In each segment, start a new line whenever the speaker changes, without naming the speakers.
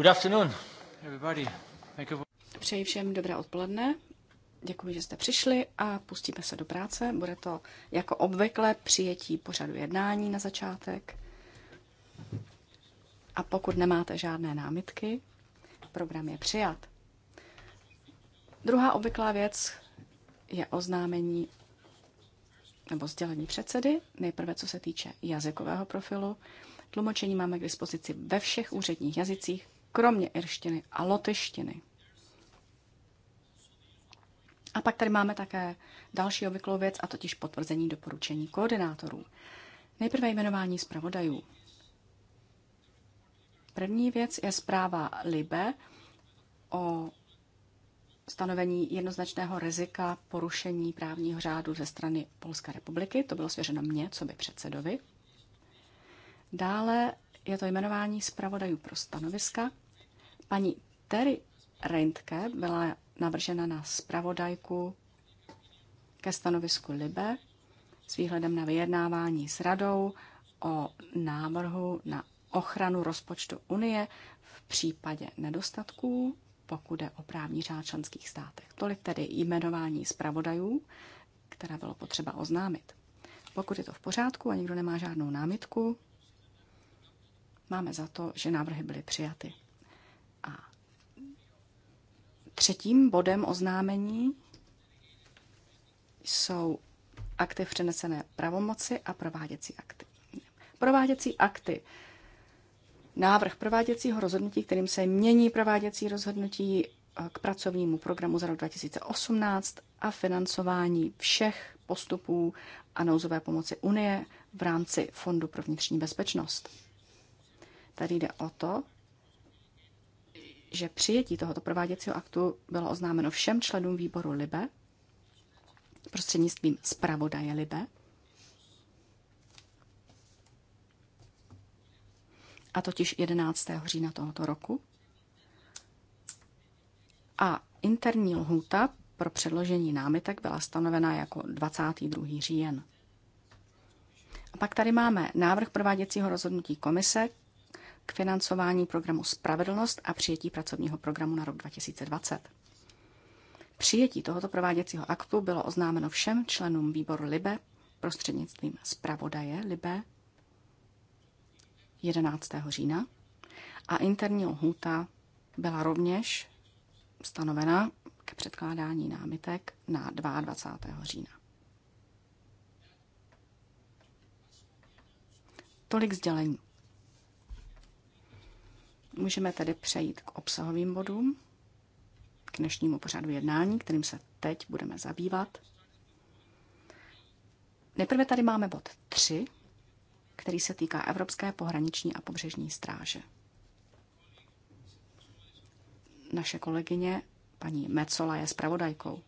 Good afternoon, everybody. Thank you.
Přeji všem dobré odpoledne. Děkuji, že jste přišli a pustíme se do práce. Bude to jako obvykle přijetí pořadu jednání na začátek. A pokud nemáte žádné námitky, program je přijat. Druhá obvyklá věc je oznámení nebo sdělení předsedy, nejprve co se týče jazykového profilu. Tlumočení máme k dispozici ve všech úředních jazycích, kromě irštiny a lotyštiny. A pak tady máme také další obvyklou věc, a totiž potvrzení doporučení koordinátorů. Nejprve jmenování zpravodajů. První věc je zpráva LIBE o stanovení jednoznačného rizika porušení právního řádu ze strany Polské republiky. To bylo svěřeno mně, co by předsedovi. Dále je to jmenování zpravodajů pro stanoviska. Paní Terry Reintke byla navržena na zpravodajku ke stanovisku Libe s výhledem na vyjednávání s radou o návrhu na ochranu rozpočtu Unie v případě nedostatků, pokud je o právní řád členských státech. Tolik tedy jmenování zpravodajů, které bylo potřeba oznámit. Pokud je to v pořádku a nikdo nemá žádnou námitku, Máme za to, že návrhy byly přijaty. A třetím bodem oznámení jsou akty v přenesené pravomoci a prováděcí akty. Prováděcí akty. Návrh prováděcího rozhodnutí, kterým se mění prováděcí rozhodnutí eh, k pracovnímu programu za rok 2018 a financování všech postupů a nouzové pomoci Unie v rámci Fondu pro vnitřní bezpečnost. Tady jde o to, že přijetí tohoto prováděcího aktu bylo oznámeno všem členům výboru LIBE prostřednictvím zpravodaje LIBE. A totiž 11. října tohoto roku. A interní lhůta pro předložení námitek byla stanovena jako 22. říjen. A pak tady máme návrh prováděcího rozhodnutí komise k financování programu Spravedlnost a přijetí pracovního programu na rok 2020. Přijetí tohoto prováděcího aktu bylo oznámeno všem členům výboru LIBE prostřednictvím zpravodaje LIBE 11. října a interní lhůta byla rovněž stanovena k předkládání námitek na 22. října. Tolik sdělení. Můžeme tedy přejít k obsahovým bodům, k dnešnímu pořadu jednání, kterým se teď budeme zabývat. Nejprve tady máme bod 3, který se týká Evropské pohraniční a pobřežní stráže. Naše kolegyně paní Mecola je zpravodajkou.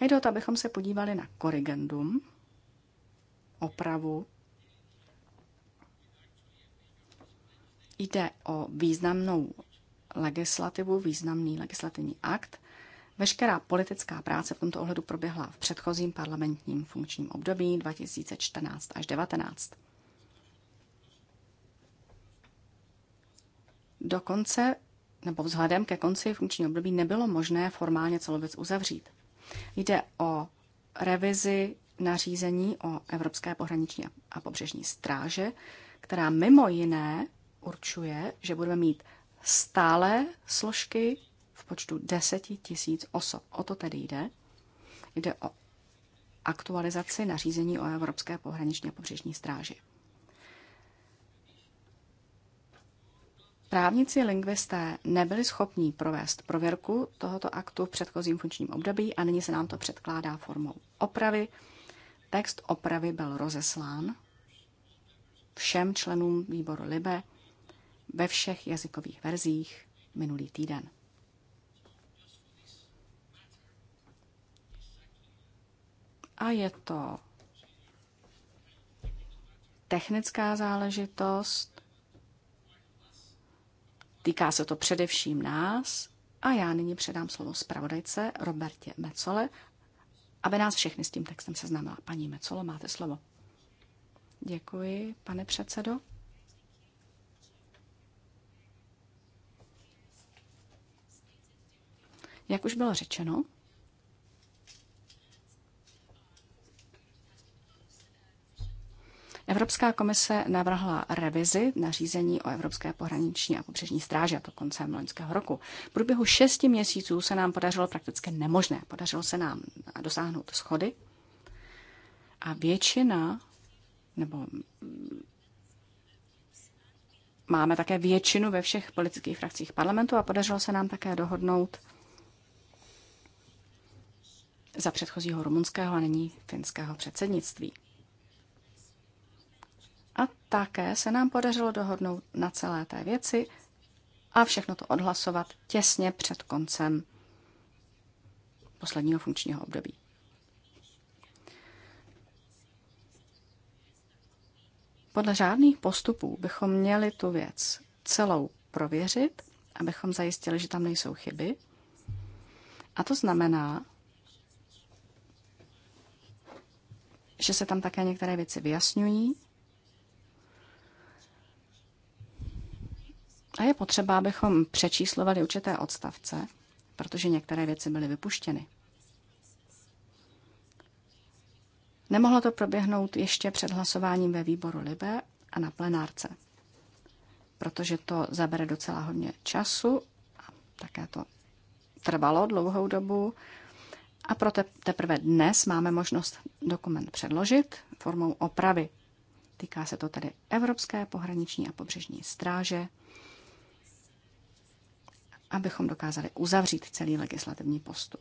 A jde o to, abychom se podívali na korrigendum, opravu Jde o významnou legislativu, významný legislativní akt. Veškerá politická práce v tomto ohledu proběhla v předchozím parlamentním funkčním období 2014 až 2019. Dokonce nebo vzhledem ke konci funkčního období nebylo možné formálně celou věc uzavřít. Jde o revizi nařízení o Evropské pohraniční a pobřežní stráže, která mimo jiné určuje, že budeme mít stále složky v počtu 10 tisíc osob. O to tedy jde. Jde o aktualizaci nařízení o Evropské pohraniční a pobřežní stráži. Právníci lingvisté nebyli schopní provést prověrku tohoto aktu v předchozím funkčním období a nyní se nám to předkládá formou opravy. Text opravy byl rozeslán všem členům výboru LIBE ve všech jazykových verzích minulý týden. A je to technická záležitost, týká se to především nás a já nyní předám slovo zpravodajce Robertě Mecole, aby nás všechny s tím textem seznámila. Paní Mecolo, máte slovo. Děkuji, pane předsedo. Jak už bylo řečeno, Evropská komise navrhla revizi nařízení o Evropské pohraniční a pobřežní stráži a to koncem loňského roku. V průběhu šesti měsíců se nám podařilo prakticky nemožné. Podařilo se nám dosáhnout schody a většina, nebo máme také většinu ve všech politických frakcích parlamentu a podařilo se nám také dohodnout za předchozího rumunského a nyní finského předsednictví. A také se nám podařilo dohodnout na celé té věci a všechno to odhlasovat těsně před koncem posledního funkčního období. Podle žádných postupů bychom měli tu věc celou prověřit, abychom zajistili, že tam nejsou chyby. A to znamená, že se tam také některé věci vyjasňují. A je potřeba, abychom přečíslovali určité odstavce, protože některé věci byly vypuštěny. Nemohlo to proběhnout ještě před hlasováním ve výboru Libe a na plenárce, protože to zabere docela hodně času a také to trvalo dlouhou dobu a proto teprve dnes máme možnost dokument předložit formou opravy. Týká se to tedy Evropské pohraniční a pobřežní stráže, abychom dokázali uzavřít celý legislativní postup.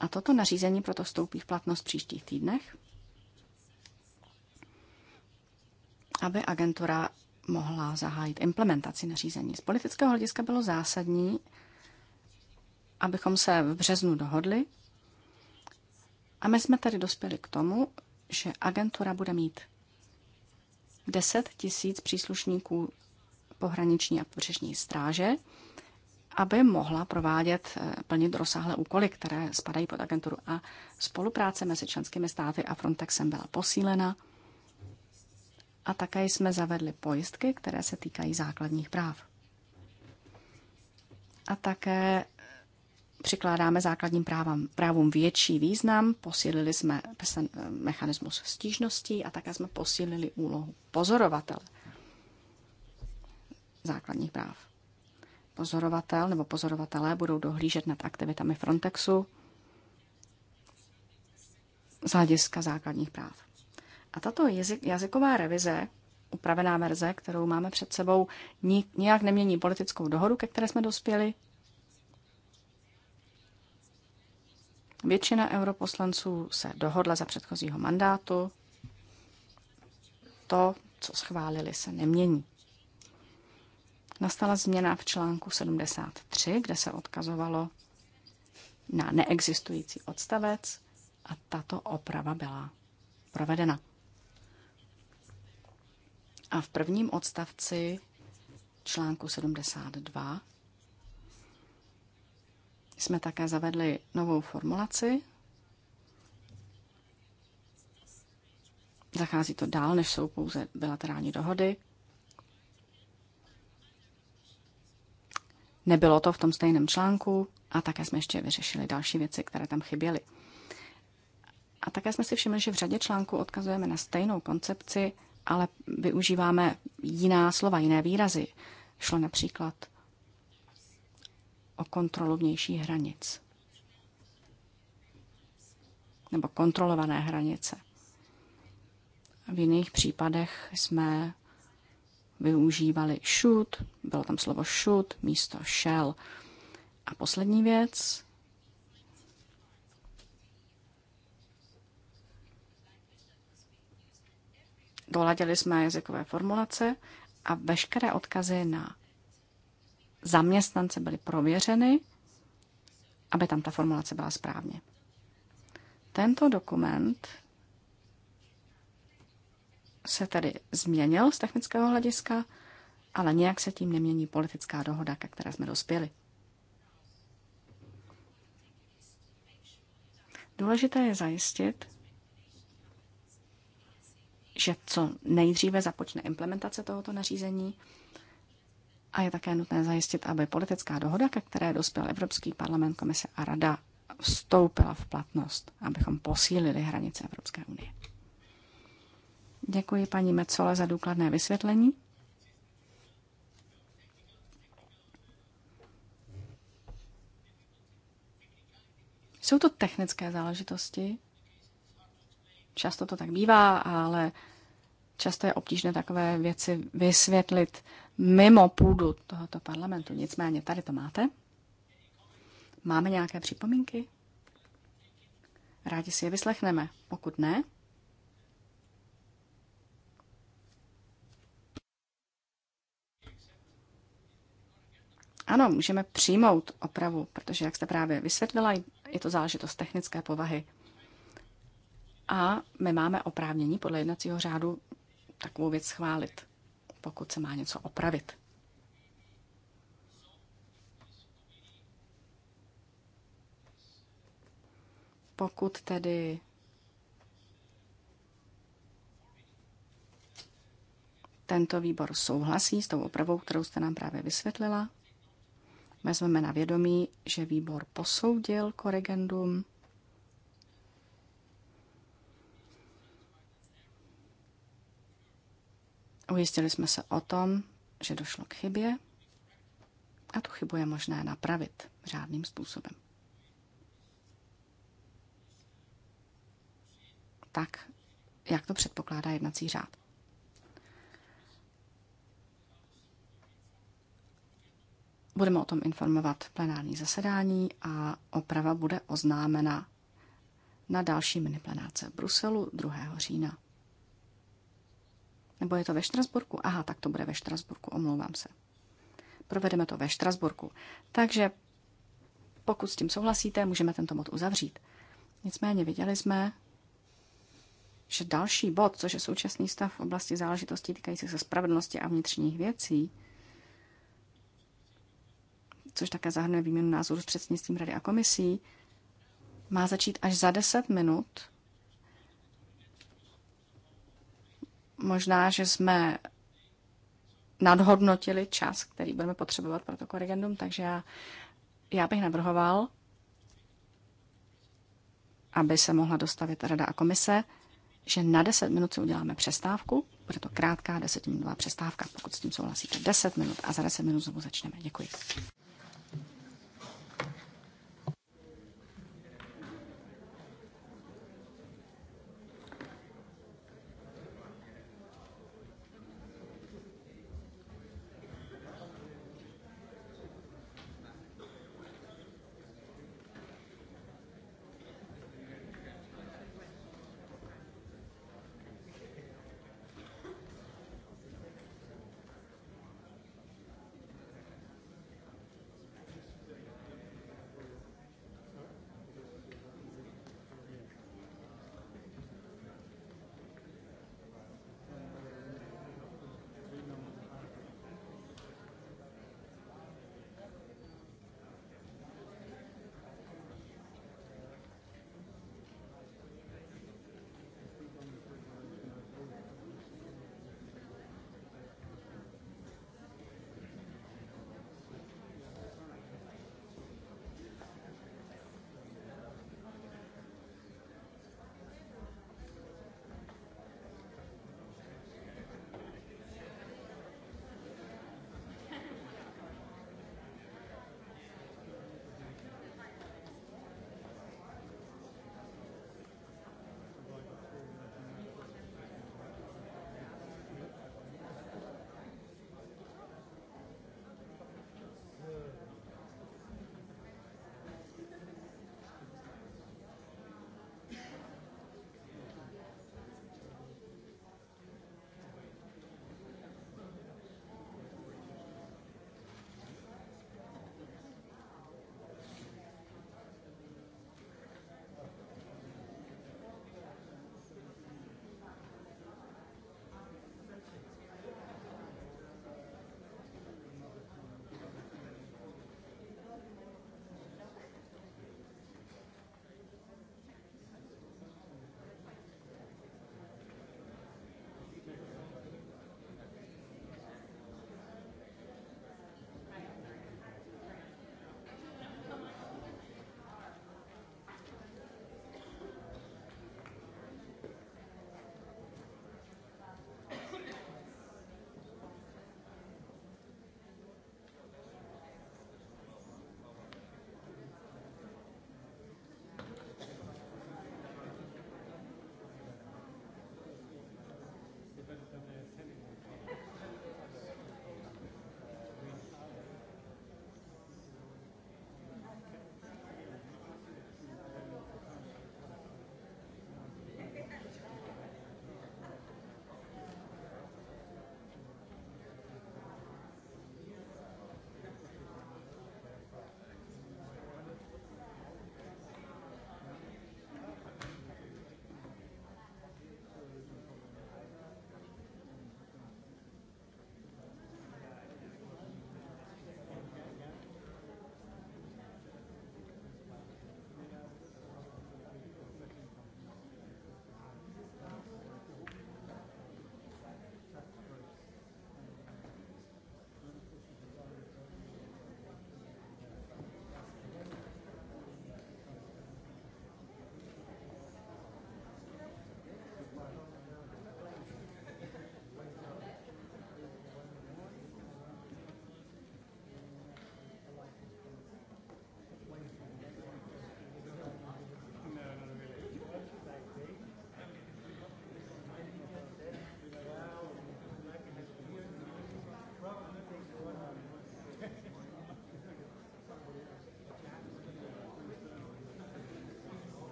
A toto nařízení proto stoupí v platnost v příštích týdnech, aby agentura mohla zahájit implementaci nařízení. Z politického hlediska bylo zásadní, abychom se v březnu dohodli. A my jsme tady dospěli k tomu, že agentura bude mít 10 tisíc příslušníků pohraniční a pobřežní stráže, aby mohla provádět, eh, plnit rozsáhlé úkoly, které spadají pod agenturu. A spolupráce mezi členskými státy a Frontexem byla posílena. A také jsme zavedli pojistky, které se týkají základních práv. A také Přikládáme základním právám, právům větší význam, posílili jsme mechanismus stížností a také jsme posílili úlohu pozorovatele základních práv. Pozorovatel nebo pozorovatelé budou dohlížet nad aktivitami Frontexu z hlediska základních práv. A tato jazyk, jazyková revize, upravená verze, kterou máme před sebou, nijak nemění politickou dohodu, ke které jsme dospěli, Většina europoslanců se dohodla za předchozího mandátu. To, co schválili, se nemění. Nastala změna v článku 73, kde se odkazovalo na neexistující odstavec a tato oprava byla provedena. A v prvním odstavci článku 72 jsme také zavedli novou formulaci. Zachází to dál, než jsou pouze bilaterální dohody. Nebylo to v tom stejném článku a také jsme ještě vyřešili další věci, které tam chyběly. A také jsme si všimli, že v řadě článků odkazujeme na stejnou koncepci, ale využíváme jiná slova, jiné výrazy. Šlo například o kontrolu vnějších hranic nebo kontrolované hranice. V jiných případech jsme využívali should, bylo tam slovo should místo shell. A poslední věc, doladili jsme jazykové formulace a veškeré odkazy na zaměstnance byly prověřeny, aby tam ta formulace byla správně. Tento dokument se tedy změnil z technického hlediska, ale nějak se tím nemění politická dohoda, ke které jsme dospěli. Důležité je zajistit, že co nejdříve započne implementace tohoto nařízení a je také nutné zajistit, aby politická dohoda, ke které dospěl Evropský parlament, komise a rada, vstoupila v platnost, abychom posílili hranice Evropské unie. Děkuji paní Mecole za důkladné vysvětlení. Jsou to technické záležitosti. Často to tak bývá, ale často je obtížné takové věci vysvětlit mimo půdu tohoto parlamentu. Nicméně tady to máte. Máme nějaké připomínky? Rádi si je vyslechneme. Pokud ne, Ano, můžeme přijmout opravu, protože, jak jste právě vysvětlila, je to záležitost technické povahy. A my máme oprávnění podle jednacího řádu takovou věc schválit, pokud se má něco opravit. Pokud tedy tento výbor souhlasí s tou opravou, kterou jste nám právě vysvětlila, vezmeme na vědomí, že výbor posoudil korrigendum Ujistili jsme se o tom, že došlo k chybě a tu chybu je možné napravit řádným způsobem. Tak, jak to předpokládá jednací řád. Budeme o tom informovat plenární zasedání a oprava bude oznámena na další miniplenárce v Bruselu 2. října. Nebo je to ve Štrasburku? Aha, tak to bude ve Štrasburku, omlouvám se. Provedeme to ve Štrasburku. Takže pokud s tím souhlasíte, můžeme tento bod uzavřít. Nicméně viděli jsme, že další bod, což je současný stav v oblasti záležitostí týkajících se spravedlnosti a vnitřních věcí, což také zahrnuje výměnu názorů s předsednictvím Rady a komisí, má začít až za 10 minut Možná, že jsme nadhodnotili čas, který budeme potřebovat pro to korrigendum, takže já, já bych navrhoval, aby se mohla dostavit rada a komise, že na 10 minut si uděláme přestávku. Bude to krátká 10-minutová přestávka, pokud s tím souhlasíte. 10 minut a za 10 minut znovu začneme. Děkuji.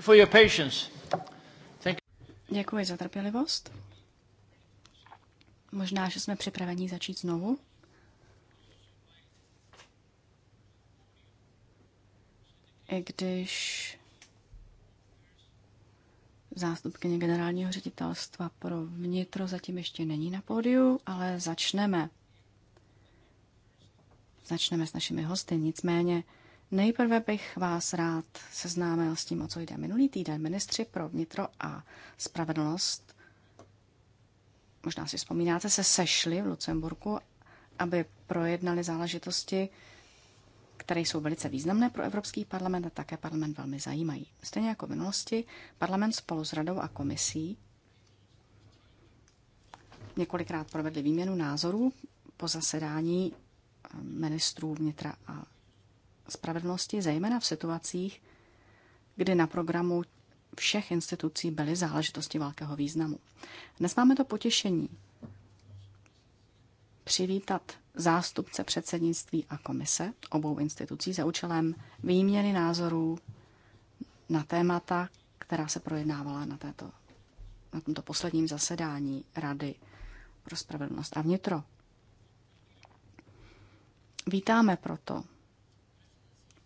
for your patience. Thank you. Děkuji za trpělivost. Možná, že jsme připraveni začít znovu. I když zástupkyně generálního ředitelstva pro vnitro zatím ještě není na pódiu, ale začneme. Začneme s našimi hosty. Nicméně Nejprve bych vás rád seznámil s tím, o co jde. Minulý týden ministři pro vnitro a spravedlnost, možná si vzpomínáte, se sešli v Lucemburku, aby projednali záležitosti, které jsou velice významné pro Evropský parlament a také parlament velmi zajímají. Stejně jako v minulosti, parlament spolu s radou a komisí několikrát provedli výměnu názorů po zasedání ministrů vnitra a spravedlnosti, zejména v situacích, kdy na programu všech institucí byly záležitosti velkého významu. Dnes máme to potěšení přivítat zástupce předsednictví a komise obou institucí za účelem výměny názorů na témata, která se projednávala na, této, na tomto posledním zasedání Rady pro spravedlnost a vnitro. Vítáme proto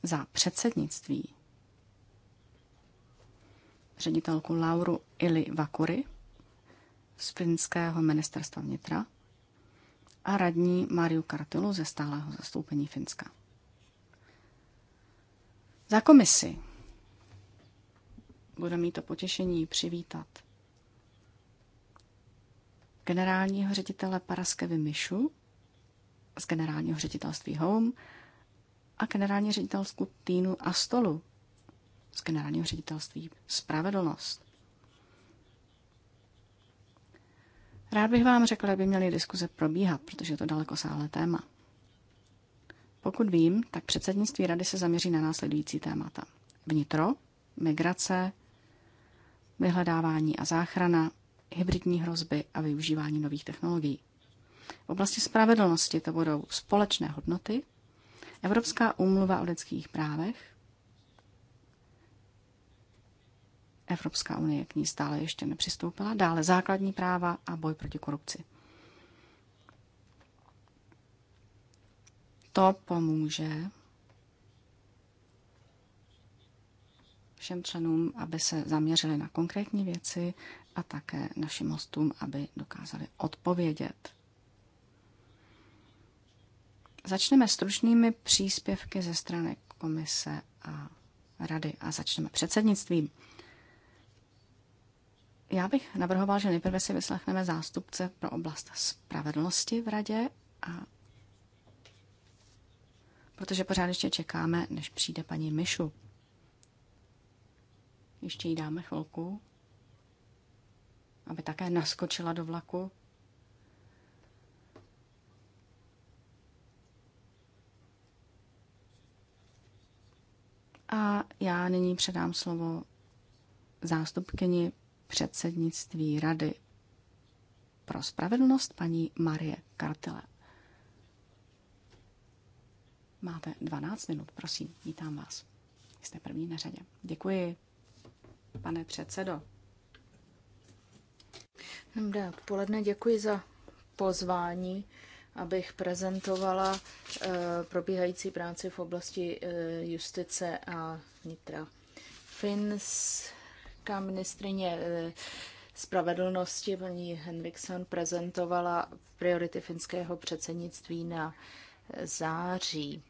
za předsednictví ředitelku Lauru Ili Vakury z finského ministerstva vnitra a radní Mariu Kartilu ze stálého zastoupení Finska. Za komisi bude mít to potěšení přivítat generálního ředitele Paraskevy Mišu z generálního ředitelství Home a generální ředitelstvu Týnu stolu z generálního ředitelství Spravedlnost. Rád bych vám řekl, aby měly diskuze probíhat, protože je to daleko sáhlé téma. Pokud vím, tak předsednictví rady se zaměří na následující témata. Vnitro, migrace, vyhledávání a záchrana, hybridní hrozby a využívání nových technologií. V oblasti spravedlnosti to budou společné hodnoty, Evropská úmluva o lidských právech. Evropská unie k ní stále ještě nepřistoupila. Dále základní práva a boj proti korupci. To pomůže všem členům, aby se zaměřili na konkrétní věci a také našim hostům, aby dokázali odpovědět Začneme stručnými příspěvky ze strany komise a rady a začneme předsednictvím. Já bych navrhoval, že nejprve si vyslechneme zástupce pro oblast spravedlnosti v radě a protože pořád ještě čekáme, než přijde paní Myšu. Ještě jí dáme chvilku, aby také naskočila do vlaku. A já nyní předám slovo zástupkyni předsednictví Rady pro spravedlnost paní Marie Kartele. Máte 12 minut, prosím, vítám vás. Jste první na řadě. Děkuji, pane předsedo.
Dobré odpoledne, děkuji za pozvání abych prezentovala eh, probíhající práci v oblasti eh, justice a vnitra. Finská ministrině eh, spravedlnosti paní Henriksson prezentovala priority finského předsednictví na září.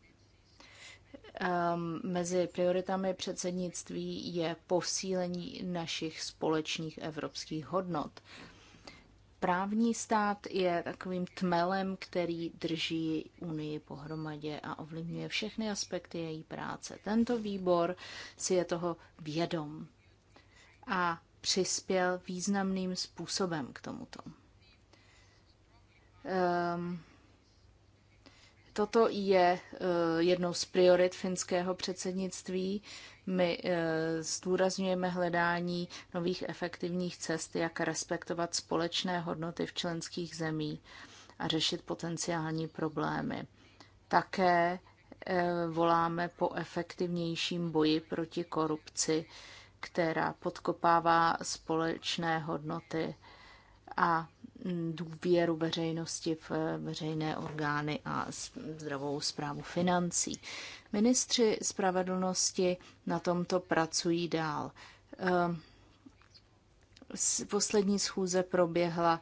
Ehm, mezi prioritami předsednictví je posílení našich společných evropských hodnot. Právní stát je takovým tmelem, který drží Unii pohromadě a ovlivňuje všechny aspekty její práce. Tento výbor si je toho vědom a přispěl významným způsobem k tomuto. Um, Toto je eh, jednou z priorit finského předsednictví. My eh, zdůrazňujeme hledání nových efektivních cest, jak respektovat společné hodnoty v členských zemí a řešit potenciální problémy. Také eh, voláme po efektivnějším boji proti korupci, která podkopává společné hodnoty a důvěru veřejnosti v eh, veřejné orgány a zdravou zprávu financí. Ministři spravedlnosti na tomto pracují dál. Ehm, poslední schůze proběhla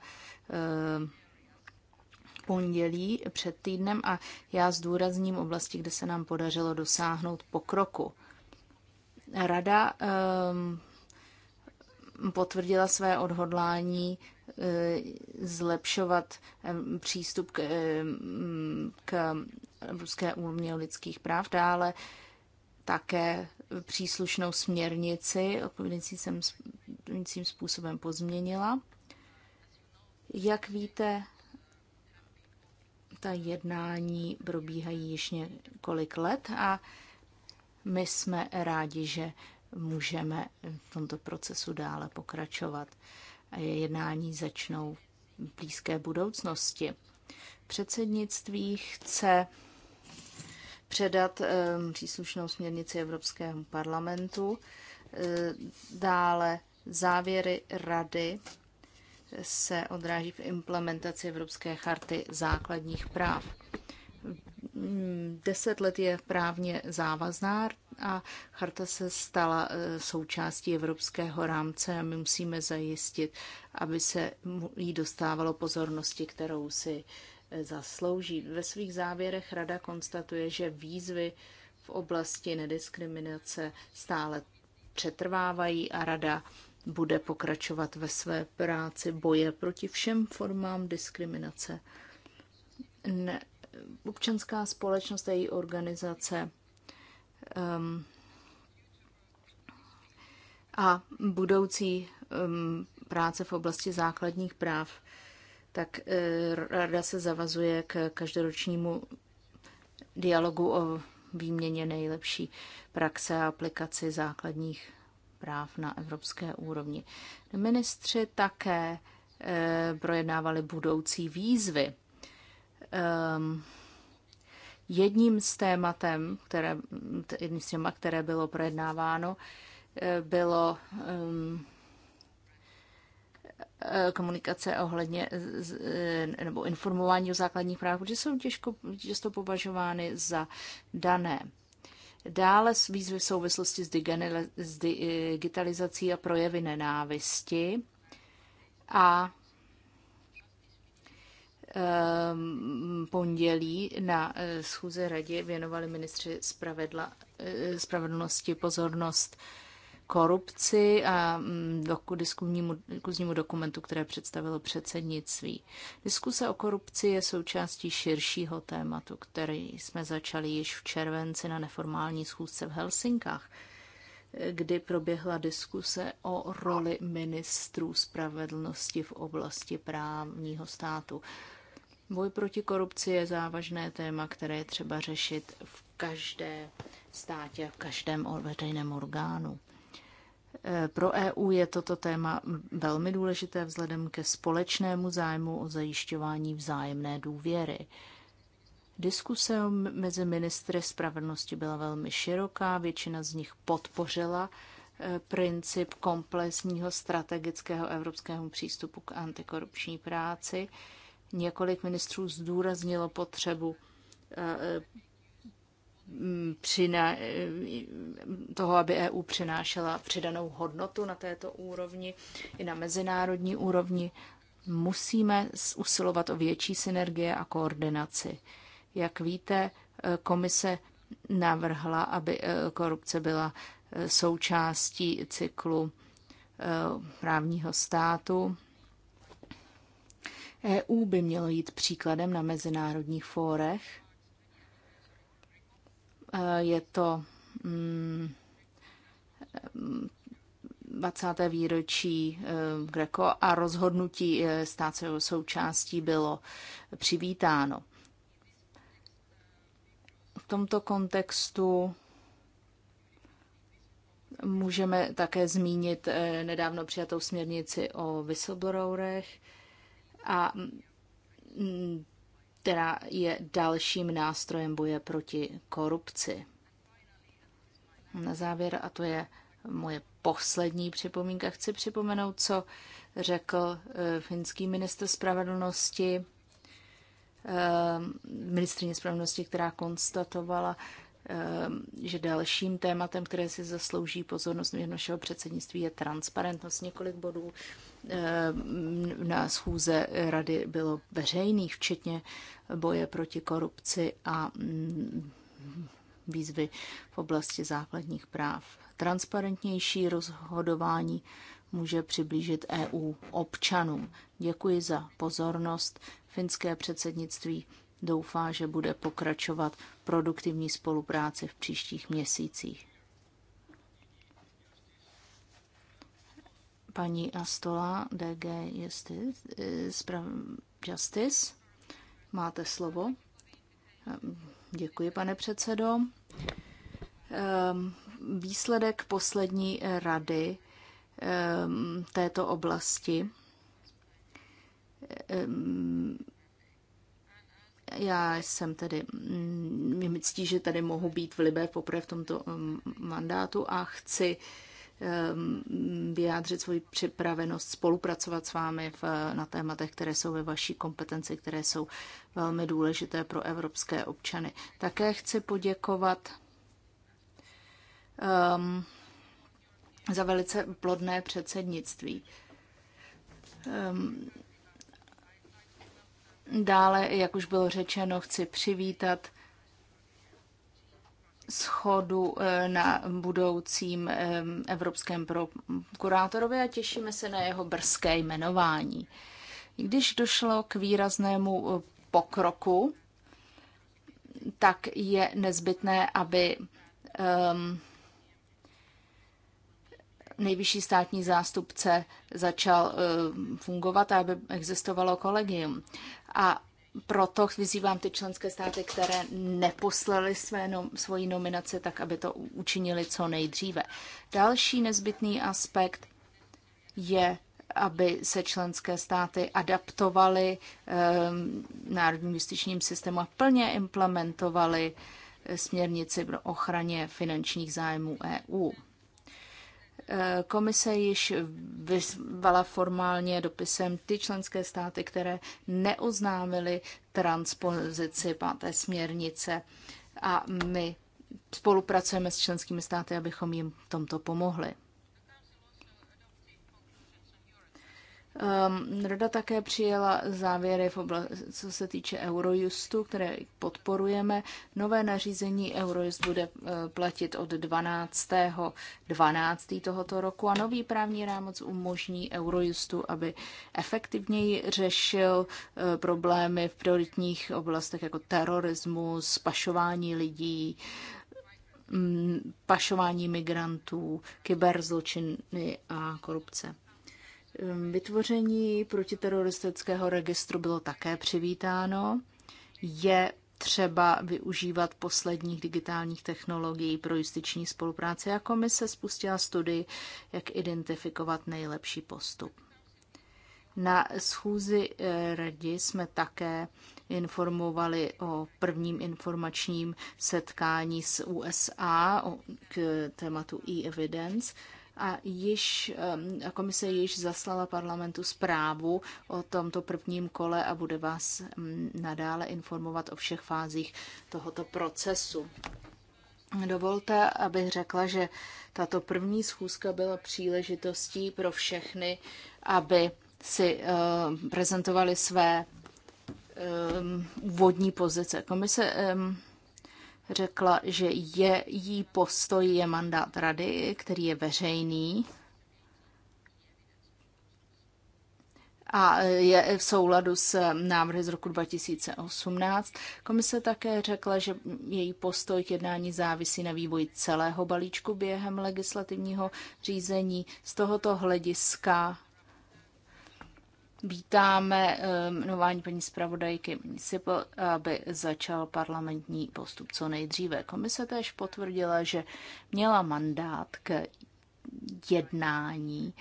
ehm, pondělí před týdnem a já zdůrazním oblasti, kde se nám podařilo dosáhnout pokroku. Rada ehm, potvrdila své odhodlání zlepšovat přístup k, k Evropské unii lidských práv. Dále také příslušnou směrnici odpovědným způsobem pozměnila. Jak víte, ta jednání probíhají již několik let a my jsme rádi, že můžeme v tomto procesu dále pokračovat jednání začnou v blízké budoucnosti. Předsednictví chce předat ehm, příslušnou směrnici Evropskému parlamentu, ehm, dále závěry rady se odráží v implementaci Evropské charty základních práv. Mm, deset let je právně závazná a charta se stala eh, součástí evropského rámce a my musíme zajistit, aby se jí dostávalo pozornosti, kterou si eh, zaslouží. Ve svých závěrech Rada konstatuje, že výzvy v oblasti nediskriminace stále přetrvávají a Rada bude pokračovat ve své práci boje proti všem formám diskriminace. Ne, občanská společnost a její organizace um, a budoucí um, práce v oblasti základních práv, tak e, Rada se zavazuje k každoročnímu dialogu o výměně nejlepší praxe a aplikaci základních práv na evropské úrovni. Ministři také e, projednávali budoucí výzvy um, jedním z tématem, které, jedním z těma, které bylo projednáváno, eh, bylo um, komunikace ohledně eh, nebo informování o základních právech, protože jsou těžko, často považovány za dané. Dále výzvy v souvislosti s digitalizací a projevy nenávisti a Ehm, pondělí na eh, schůze radě věnovali ministři spravedla, eh, spravedlnosti pozornost korupci a mm, diskusnímu dokumentu, které představilo předsednictví. Diskuse o korupci je součástí širšího tématu, který jsme začali již v červenci na neformální schůzce v Helsinkách, eh, kdy proběhla diskuse o roli ministrů spravedlnosti v oblasti právního státu. Boj proti korupci je závažné téma, které je třeba řešit v každé státě, v každém veřejném orgánu. E, pro EU je toto téma velmi důležité vzhledem ke společnému zájmu o zajišťování vzájemné důvěry. Diskuse mezi ministry spravedlnosti byla velmi široká, většina z nich podpořila e, princip komplexního strategického evropského přístupu k antikorupční práci. Několik ministrů zdůraznilo potřebu eh, eh, eh, toho, aby EU přinášela přidanou hodnotu na této úrovni i na mezinárodní úrovni, musíme usilovat o větší synergie a koordinaci. Jak víte, komise navrhla, aby korupce byla součástí cyklu právního státu EU by mělo jít příkladem na mezinárodních fórech. E, je to 20. Mm, e, výročí e, Greco a rozhodnutí stát se součástí bylo přivítáno. V tomto kontextu můžeme také zmínit nedávno přijatou směrnici o whistleblowerech, a která mm, je dalším nástrojem boje proti korupci. Na závěr, a to je moje poslední připomínka, chci připomenout, co řekl eh, finský ministr spravedlnosti, eh, ministrině spravedlnosti, která konstatovala, Ehm, že dalším tématem, které si zaslouží pozornost našeho předsednictví, je transparentnost. Několik bodů ehm, na schůze rady bylo veřejných, včetně boje proti korupci a mm, výzvy v oblasti základních práv. Transparentnější rozhodování může přiblížit EU občanům. Děkuji za pozornost. Finské předsednictví doufá, že bude pokračovat produktivní spolupráce v příštích měsících. Paní Astola, DG Justice, máte slovo. Děkuji, pane předsedo. Ehm, výsledek poslední rady ehm, této oblasti ehm, já jsem tedy, mě mm, mi ctí, že tady mohu být v Libé poprvé v tomto mm, mandátu a chci mm, vyjádřit svoji připravenost spolupracovat s vámi v, na tématech, které jsou ve vaší kompetenci, které jsou velmi důležité pro evropské občany. Také chci poděkovat um, za velice plodné předsednictví. Um, Dále, jak už bylo řečeno, chci přivítat schodu eh, na budoucím evropském prokurátorovi a těšíme se na jeho brzké jmenování. Když došlo k výraznému eh, pokroku, tak je nezbytné, aby um, nejvyšší státní zástupce začal eh, fungovat a aby existovalo kolegium. A proto vyzývám ty členské státy, které neposlali své no svoji nominace, tak aby to učinili co nejdříve. Další nezbytný aspekt je, aby se členské státy adaptovaly um, národním justičním systému a plně implementovaly eh, směrnici pro ochraně finančních zájmů EU. Komise již vyzvala formálně dopisem ty členské státy, které neoznámily transpozici páté směrnice a my spolupracujeme s členskými státy, abychom jim tomto pomohli. Um, Rada také přijela závěry, v oblasti, co se týče Eurojustu, které podporujeme. Nové nařízení Eurojust bude uh, platit od 12. 12. tohoto roku a nový právní rámoc umožní Eurojustu, aby efektivněji řešil uh, problémy v prioritních oblastech jako terorismus, pašování lidí, mm, pašování migrantů, kyberzločiny a korupce. Ehm, vytvoření protiteroristického registru bylo také přivítáno. Je třeba využívat posledních digitálních technologií pro justiční spolupráci a komise spustila studii, jak identifikovat nejlepší postup. Na schůzi eh, radi jsme také informovali o prvním informačním setkání s USA k tématu e-evidence a již komise již zaslala parlamentu zprávu o tomto prvním kole a bude vás nadále informovat o všech fázích tohoto procesu. Dovolte, abych řekla, že tato první schůzka byla příležitostí pro všechny, aby si prezentovali své úvodní pozice. Komise řekla, že je, jí postoj je mandát rady, který je veřejný a je v souladu s návrhy z roku 2018. Komise také řekla, že její postoj k jednání závisí na vývoji celého balíčku během legislativního řízení. Z tohoto hlediska Vítáme jmenování ehm, paní zpravodajky municipal, aby začal parlamentní postup co nejdříve. Komise též potvrdila, že měla mandát k jednání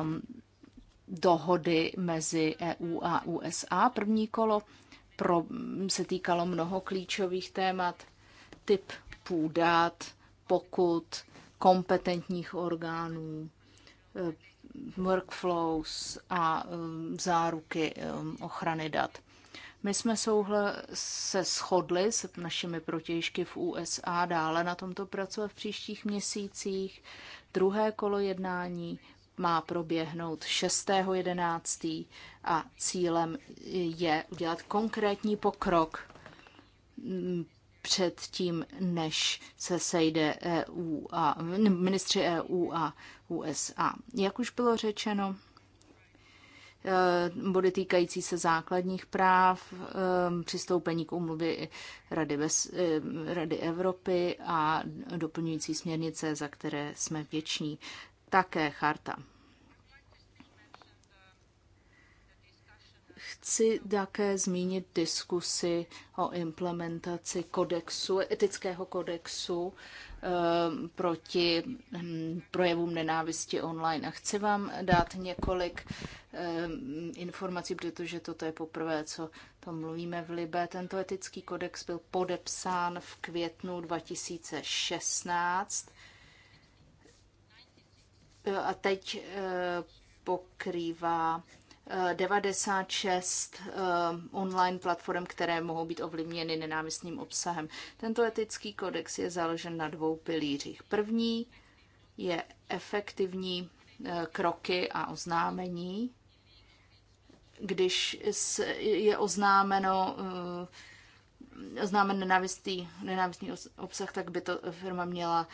um, dohody mezi EU a USA. První kolo pro, se týkalo mnoho klíčových témat, typ půdat, pokud, kompetentních orgánů, workflows a um, záruky um, ochrany dat. My jsme souhle se shodli s našimi protějšky v USA, dále na tomto pracovat v příštích měsících. Druhé kolo jednání má proběhnout 6.11. a cílem je udělat konkrétní pokrok předtím, než se sejde EU a, ministři EU a USA. Jak už bylo řečeno, eh, body týkající se základních práv, eh, přistoupení k umluvě Rady, eh, Rady Evropy a doplňující směrnice, za které jsme věční, také charta Chci také zmínit diskusy o implementaci kodexu, etického kodexu eh, proti hm, projevům nenávisti online. A chci vám dát několik eh, informací, protože toto je poprvé, co to mluvíme v Libe. Tento etický kodex byl podepsán v květnu 2016 eh, a teď pokrývá 96 eh, online platform, které mohou být ovlivněny nenávistným obsahem. Tento etický kodex je založen na dvou pilířích. První je efektivní eh, kroky a oznámení. Když je oznámeno eh, oznámen nenávistný, obsah, tak by to firma měla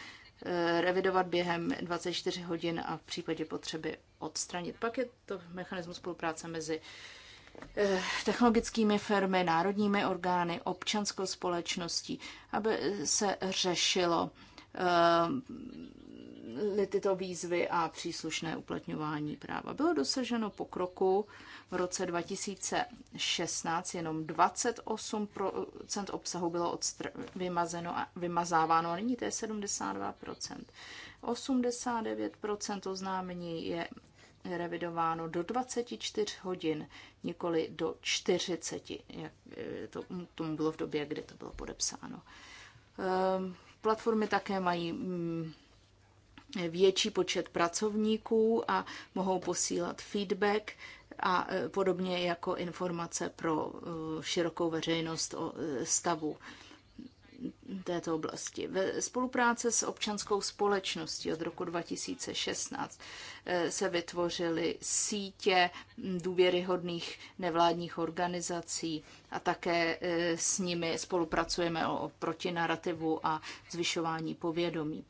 Eh, revidovat během 24 hodin a v případě potřeby odstranit. Pak je to mechanismus spolupráce mezi eh, technologickými firmy, národními orgány, občanskou společností, aby se řešilo eh, tyto výzvy a příslušné uplatňování práva. Bylo dosaženo pokroku v roce 2016, jenom 28 obsahu bylo odstr- vymazeno a vymazáváno, a nyní to je 72 89 oznámení je revidováno do 24 hodin, nikoli do 40, jak eh, to, tomu bylo v době, kdy to bylo podepsáno. Ehm, platformy také mají mm, větší počet pracovníků a mohou posílat feedback a e, podobně jako informace pro e, širokou veřejnost o e, stavu této oblasti. Ve spolupráce s občanskou společností od roku 2016 se vytvořily sítě důvěryhodných nevládních organizací a také s nimi spolupracujeme o protinarativu a zvyšování povědomí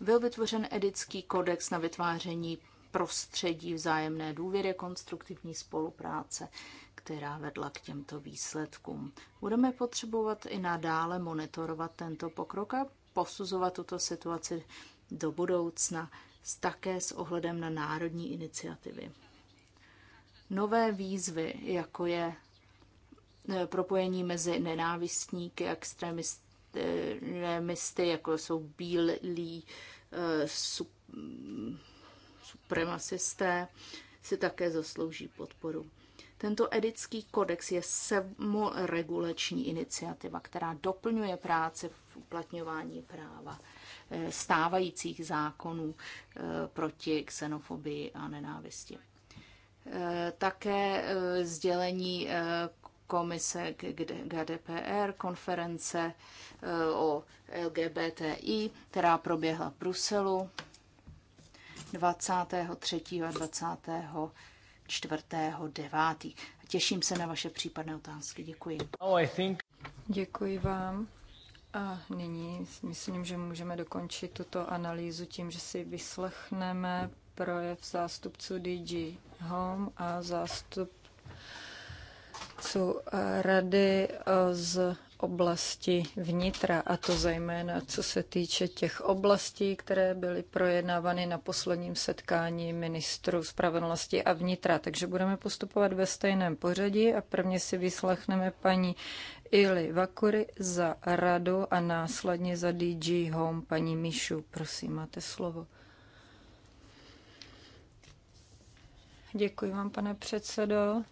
byl vytvořen edický kodex na vytváření prostředí vzájemné důvěry, konstruktivní spolupráce, která vedla k těmto výsledkům. Budeme potřebovat i nadále monitorovat tento pokrok a posuzovat tuto situaci do budoucna také s ohledem na národní iniciativy. Nové výzvy, jako je e, propojení mezi nenávistníky, extremisty, ne eh, misty, jako jsou bílí eh, supremacisté, si také zaslouží podporu. Tento edický kodex je samoregulační iniciativa, která doplňuje práce v uplatňování práva eh, stávajících zákonů proti xenofobii a nenávisti. Také sdělení komise k GDPR, konference eh, o LGBTI, která proběhla v Bruselu 23. a 24. 9. Těším se na vaše případné otázky.
Děkuji. Oh, Děkuji vám. A nyní myslím, že můžeme dokončit tuto analýzu tím, že si vyslechneme projev zástupců DG Home a zástup zástupců eh, rady eh, z oblasti vnitra, a to zejména co se týče těch oblastí, které byly projednávány na posledním setkání ministrů spravedlnosti a vnitra. Takže budeme postupovat ve stejném pořadí a prvně si vyslechneme paní Ili Vakury za radu a následně za DG Home paní Mišu. Prosím, máte slovo. Děkuji vám, pane předsedo.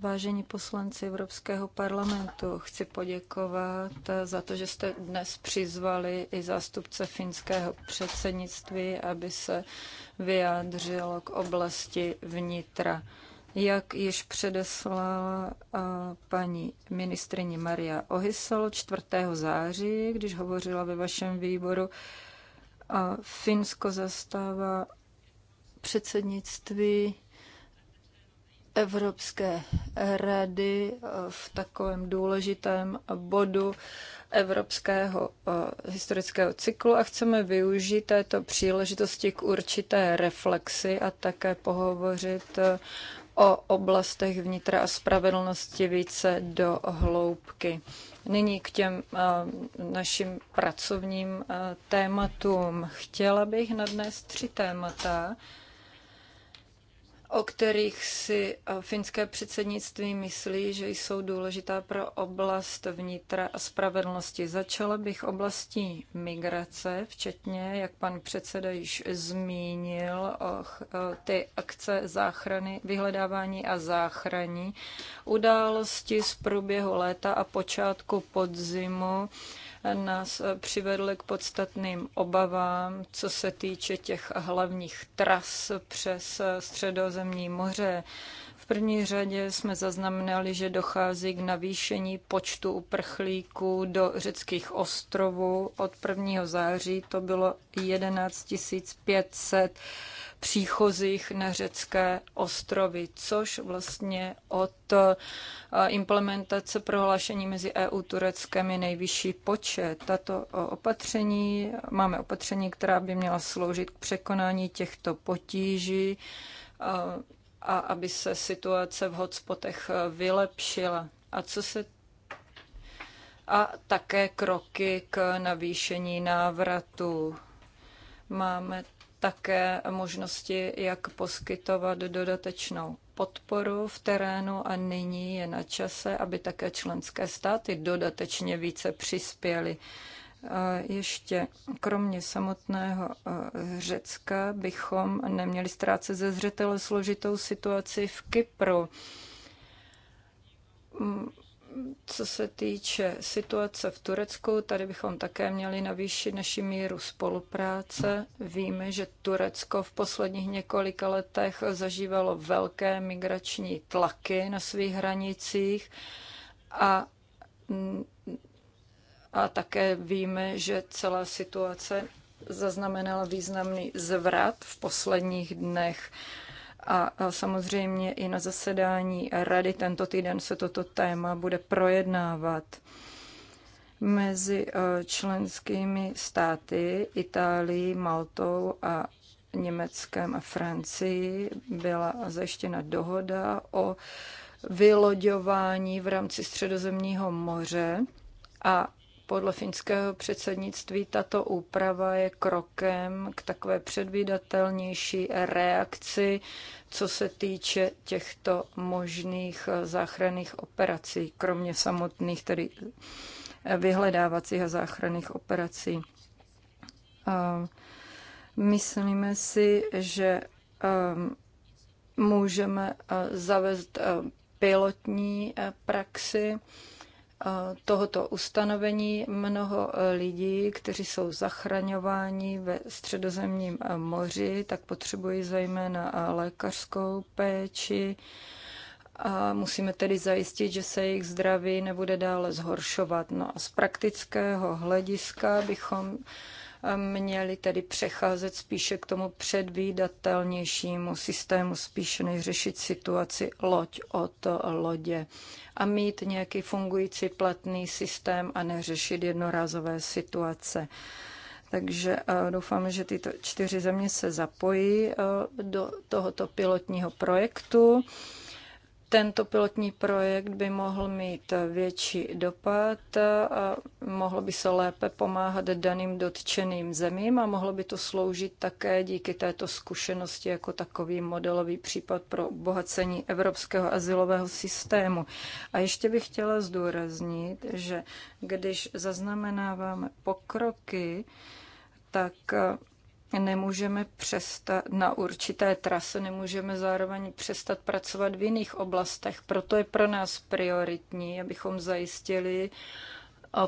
Vážení poslanci Evropského parlamentu, chci poděkovat za to, že jste dnes přizvali i zástupce finského předsednictví, aby se vyjádřilo k oblasti vnitra. Jak již předeslala paní ministrině Maria Ohysel 4. září, když hovořila ve vašem výboru, Finsko zastává předsednictví Evropské rady eh, v takovém důležitém bodu evropského eh, historického cyklu a chceme využít této příležitosti k určité reflexi a také pohovořit eh, o oblastech vnitra a spravedlnosti více do hloubky. Nyní k těm našim pracovním tématům. Chtěla bych nadnést tři témata, o kterých si eh, finské předsednictví myslí, že jsou důležitá pro oblast vnitra a spravedlnosti. Začala bych oblastí migrace, včetně, jak pan předseda již zmínil, o ty akce záchrany, vyhledávání a záchraní, události z průběhu léta a počátku podzimu, nás eh, přivedly k podstatným obavám, co se týče těch hlavních tras přes eh, středozemní moře. V první řadě jsme zaznamenali, že dochází k navýšení počtu uprchlíků do řeckých ostrovů. Od 1. září to bylo 11 500 příchozích na řecké ostrovy, což vlastně od eh, implementace prohlášení mezi EU Tureckem je nejvyšší počet. Tato eh, opatření, máme opatření, která by měla sloužit k překonání těchto potíží eh, a aby se situace v hotspotech vylepšila. A co se a také kroky k navýšení návratu. Máme také možnosti, jak poskytovat dodatečnou podporu v terénu a nyní je na čase, aby také členské státy dodatečně více přispěly. Eh, ještě kromě samotného eh, Řecka bychom neměli ztrácet ze zřetele složitou situaci v Kypru mm, co se týče situace v Turecku, tady bychom také měli navýšit naši míru spolupráce. Víme, že Turecko v posledních několika letech zažívalo velké migrační tlaky na svých hranicích a, a také víme, že celá situace zaznamenala významný zvrat v posledních dnech. A samozřejmě i na zasedání rady tento týden se toto téma bude projednávat mezi e, členskými státy Itálií, Maltou a Německem a Francii byla zajištěna dohoda o vyloďování v rámci Středozemního moře a podle finského předsednictví tato úprava je krokem k takové předvídatelnější reakci, co se týče těchto možných záchranných operací, kromě samotných tedy eh, vyhledávacích a záchranných operací. Eh, myslíme si, že eh, můžeme zavést pilotní praxi Eh, tohoto ustanovení mnoho eh, lidí, kteří jsou zachraňováni ve středozemním eh, moři, tak potřebují zejména lékařskou péči a musíme tedy zajistit, že se jejich zdraví nebude dále zhoršovat. No a z praktického hlediska bychom měli tedy přecházet spíše k tomu předvídatelnějšímu systému, spíše než řešit situaci loď od lodě a mít nějaký fungující platný systém a neřešit jednorázové situace. Takže eh, doufám, že tyto čtyři země se zapojí eh, do tohoto pilotního projektu. Tento pilotní projekt by mohl mít eh, větší dopad mohlo by se lépe pomáhat daným dotčeným zemím a mohlo by to sloužit také díky této zkušenosti jako takový modelový případ pro obohacení evropského asilového systému. A ještě bych chtěla zdůraznit, že když zaznamenáváme pokroky, tak eh, nemůžeme přestat na určité trase, nemůžeme zároveň přestat pracovat v jiných oblastech. Proto je pro nás prioritní, abychom zajistili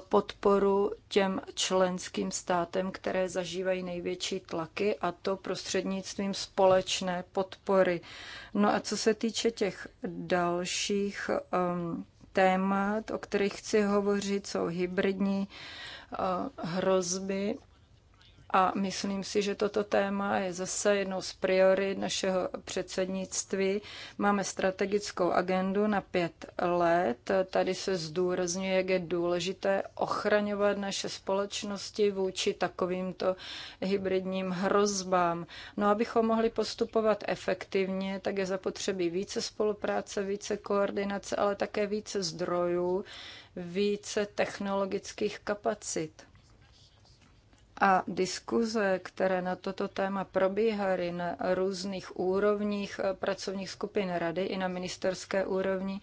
podporu těm členským státem, které zažívají největší tlaky a to prostřednictvím společné podpory. No a co se týče těch dalších um, témat, o kterých chci hovořit, jsou hybridní uh, hrozby a myslím si, že toto téma je zase jednou z priorit našeho předsednictví. Máme strategickou agendu na pět let. Tady se zdůrazňuje, jak je důležité ochraňovat naše společnosti vůči takovýmto hybridním hrozbám. No, abychom mohli postupovat efektivně, tak je zapotřebí více spolupráce, více koordinace, ale také více zdrojů, více technologických kapacit a diskuze, které na toto téma probíhaly na různých úrovních eh, pracovních skupin rady i na ministerské úrovni,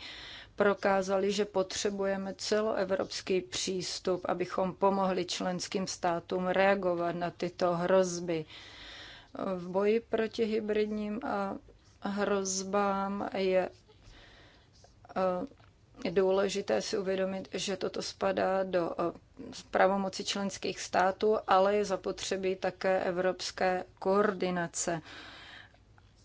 prokázaly, že potřebujeme celoevropský přístup, abychom pomohli členským státům reagovat na tyto hrozby. V boji proti hybridním hrozbám je eh, je důležité si uvědomit, že toto spadá do eh, pravomoci členských států, ale je zapotřebí také evropské koordinace.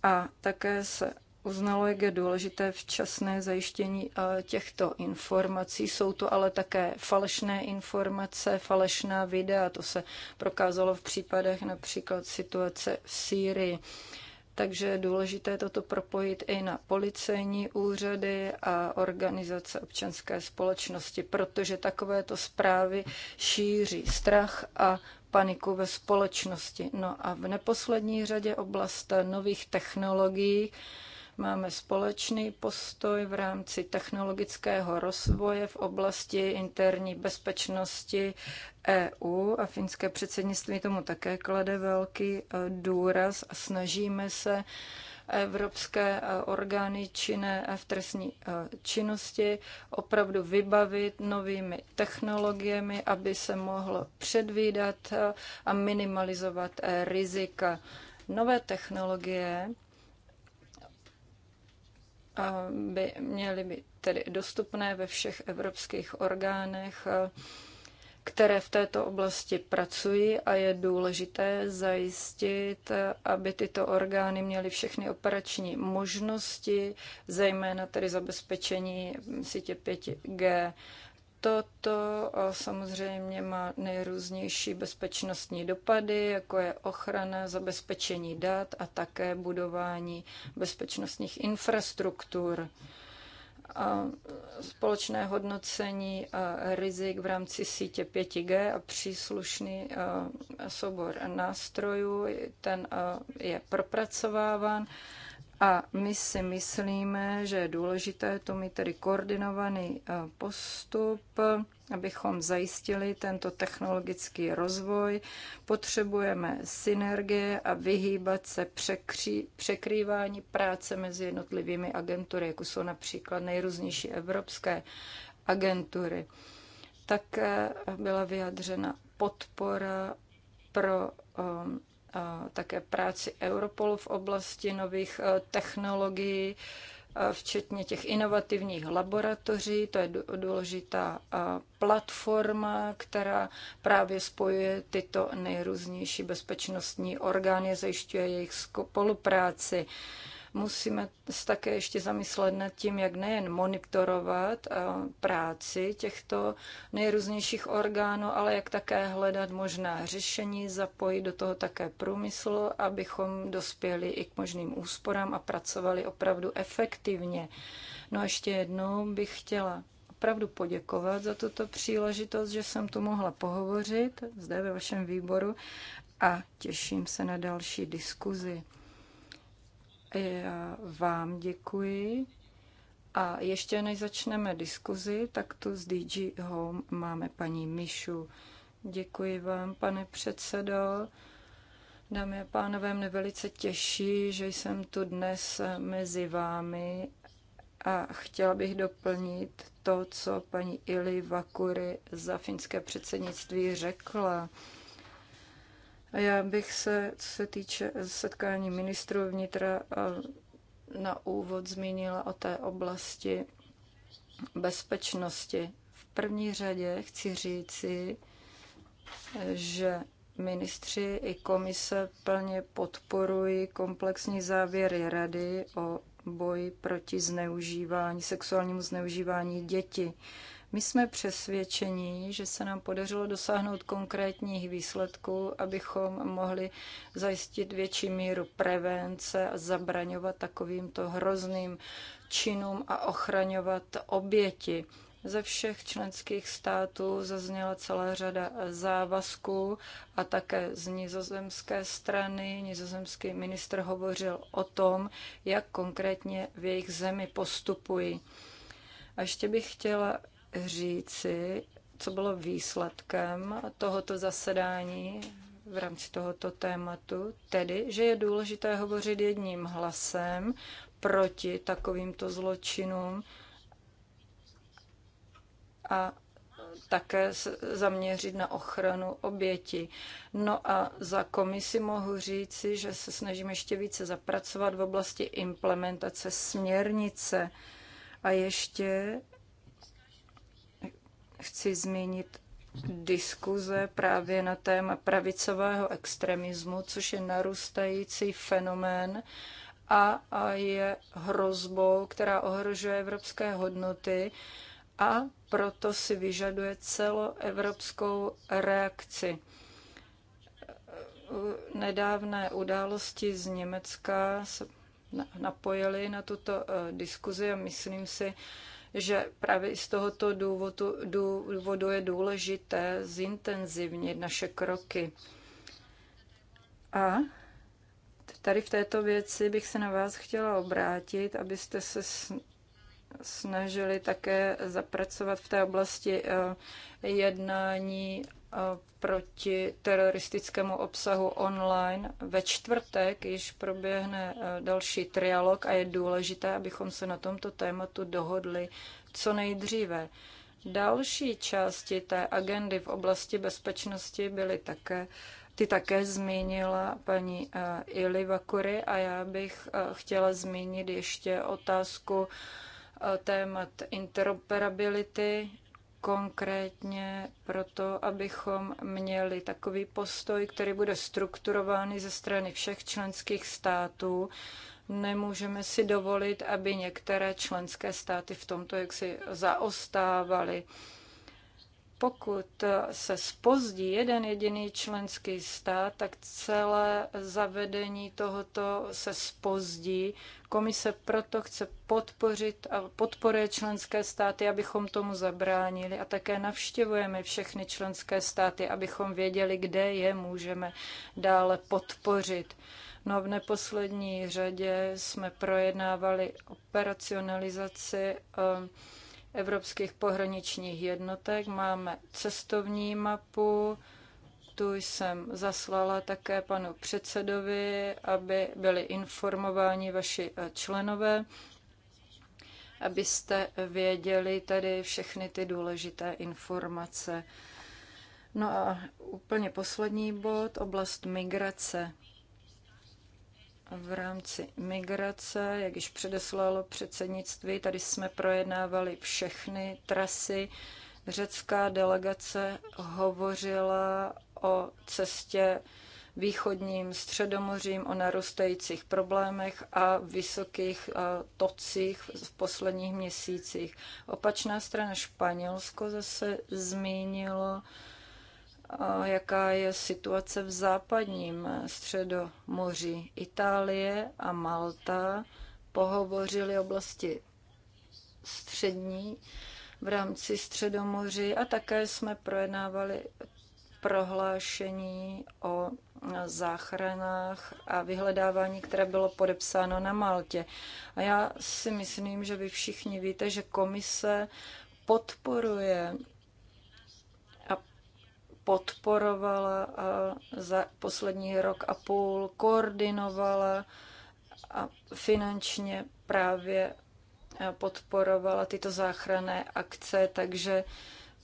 A také se uznalo, jak je důležité včasné zajištění eh, těchto informací. Jsou to ale také falešné informace, falešná videa. To se prokázalo v případech například situace v Sýrii takže je důležité toto propojit i na policejní úřady a organizace občanské společnosti, protože takovéto zprávy šíří strach a paniku ve společnosti. No a v neposlední řadě oblast nových technologií, Máme společný postoj v rámci technologického rozvoje v oblasti interní bezpečnosti EU a finské předsednictví tomu také klade velký e, důraz a snažíme se evropské e, orgány činné e, v trestní činnosti opravdu vybavit novými technologiemi, aby se mohlo předvídat a minimalizovat rizika. Nové technologie by měly být tedy dostupné ve všech evropských orgánech, které v této oblasti pracují a je důležité zajistit, aby tyto orgány měly všechny operační možnosti, zejména tedy zabezpečení sítě 5G. Toto samozřejmě má nejrůznější bezpečnostní dopady, jako je ochrana, zabezpečení dat a také budování bezpečnostních infrastruktur. A společné hodnocení a rizik v rámci sítě 5G a příslušný soubor nástrojů, ten je propracováván a my si myslíme, že je důležité to mít tedy koordinovaný e, postup, abychom zajistili tento technologický rozvoj. Potřebujeme synergie a vyhýbat se překří, překrývání práce mezi jednotlivými agentury, jako jsou například nejrůznější evropské agentury. Také byla vyjadřena podpora pro um, také práci Europolu v oblasti nových e, technologií, e, včetně těch inovativních laboratoří. To je důležitá e, platforma, která právě spojuje tyto nejrůznější bezpečnostní orgány, zajišťuje jejich spolupráci. Musíme se také ještě zamyslet nad tím, jak nejen monitorovat eh, práci těchto nejrůznějších orgánů, ale jak také hledat možná řešení, zapojit do toho také průmysl, abychom dospěli i k možným úsporám a pracovali opravdu efektivně. No a ještě jednou bych chtěla opravdu poděkovat za tuto příležitost, že jsem tu mohla pohovořit zde ve vašem výboru a těším se na další diskuzi. Já vám děkuji. A ještě než začneme diskuzi, tak tu z DG Home máme paní Mišu. Děkuji vám, pane předsedo. Dámy a pánové, mě velice těší, že jsem tu dnes mezi vámi a chtěla bych doplnit to, co paní Ili Vakury za finské předsednictví řekla. A Já bych se, co se týče setkání ministrů vnitra, na úvod zmínila o té oblasti bezpečnosti. V první řadě chci říci, že ministři i komise plně podporují komplexní závěry rady o boji proti zneužívání, sexuálnímu zneužívání dětí. My jsme přesvědčeni, že se nám podařilo dosáhnout konkrétních výsledků, abychom mohli zajistit větší míru prevence a zabraňovat takovýmto hrozným činům a ochraňovat oběti. Ze všech členských států zazněla celá řada závazků a také z nizozemské strany. Nizozemský ministr hovořil o tom, jak konkrétně v jejich zemi postupují. A ještě bych chtěla říci, co bylo výsledkem tohoto zasedání v rámci tohoto tématu, tedy, že je důležité hovořit jedním hlasem proti takovýmto zločinům a také zaměřit na ochranu oběti. No a za komisi mohu říci, že se snažím ještě více zapracovat v oblasti implementace směrnice. A ještě chci zmínit diskuze právě na téma pravicového extremismu, což je narůstající fenomén a, a je hrozbou, která ohrožuje evropské hodnoty a proto si vyžaduje celoevropskou reakci. Nedávné události z Německa se napojily na tuto eh, diskuzi a myslím si, že právě z tohoto důvodu, důvodu je důležité zintenzivnit naše kroky. A tady v této věci bych se na vás chtěla obrátit, abyste se snažili také zapracovat v té oblasti eh, jednání Eh, proti teroristickému obsahu online. Ve čtvrtek již proběhne eh, další trialog a je důležité, abychom se na tomto tématu dohodli co nejdříve. Další části té agendy v oblasti bezpečnosti byly také ty také zmínila paní eh, Ili Vakury a já bych chtěla zmínit ještě otázku témat interoperability konkrétně proto, abychom měli takový postoj, který bude strukturovaný ze strany všech členských států. Nemůžeme si dovolit, aby některé členské státy v tomto jaksi zaostávaly pokud se spozdí jeden jediný členský stát, tak celé zavedení tohoto se spozdí. Komise proto chce podpořit a podporuje členské státy, abychom tomu zabránili a také navštěvujeme všechny členské státy, abychom věděli, kde je můžeme dále podpořit. No a v neposlední řadě jsme projednávali operacionalizaci eh, evropských pohraničních jednotek. Máme cestovní mapu, tu jsem zaslala také panu předsedovi, aby byli informováni vaši eh, členové, abyste věděli tady všechny ty důležité informace. No a úplně poslední bod, oblast migrace v rámci migrace, jak již předeslalo předsednictví, tady jsme projednávali všechny trasy. Řecká delegace hovořila o cestě východním středomořím, o narůstajících problémech a vysokých eh, tocích v posledních měsících. Opačná strana Španělsko zase zmínilo jaká je situace v západním středomoří. Itálie a Malta pohovořili oblasti střední v rámci středomoří a také jsme projednávali prohlášení o záchranách a vyhledávání, které bylo podepsáno na Maltě. A já si myslím, že vy všichni víte, že komise podporuje podporovala a za poslední rok a půl koordinovala a finančně právě eh, podporovala tyto záchranné akce, takže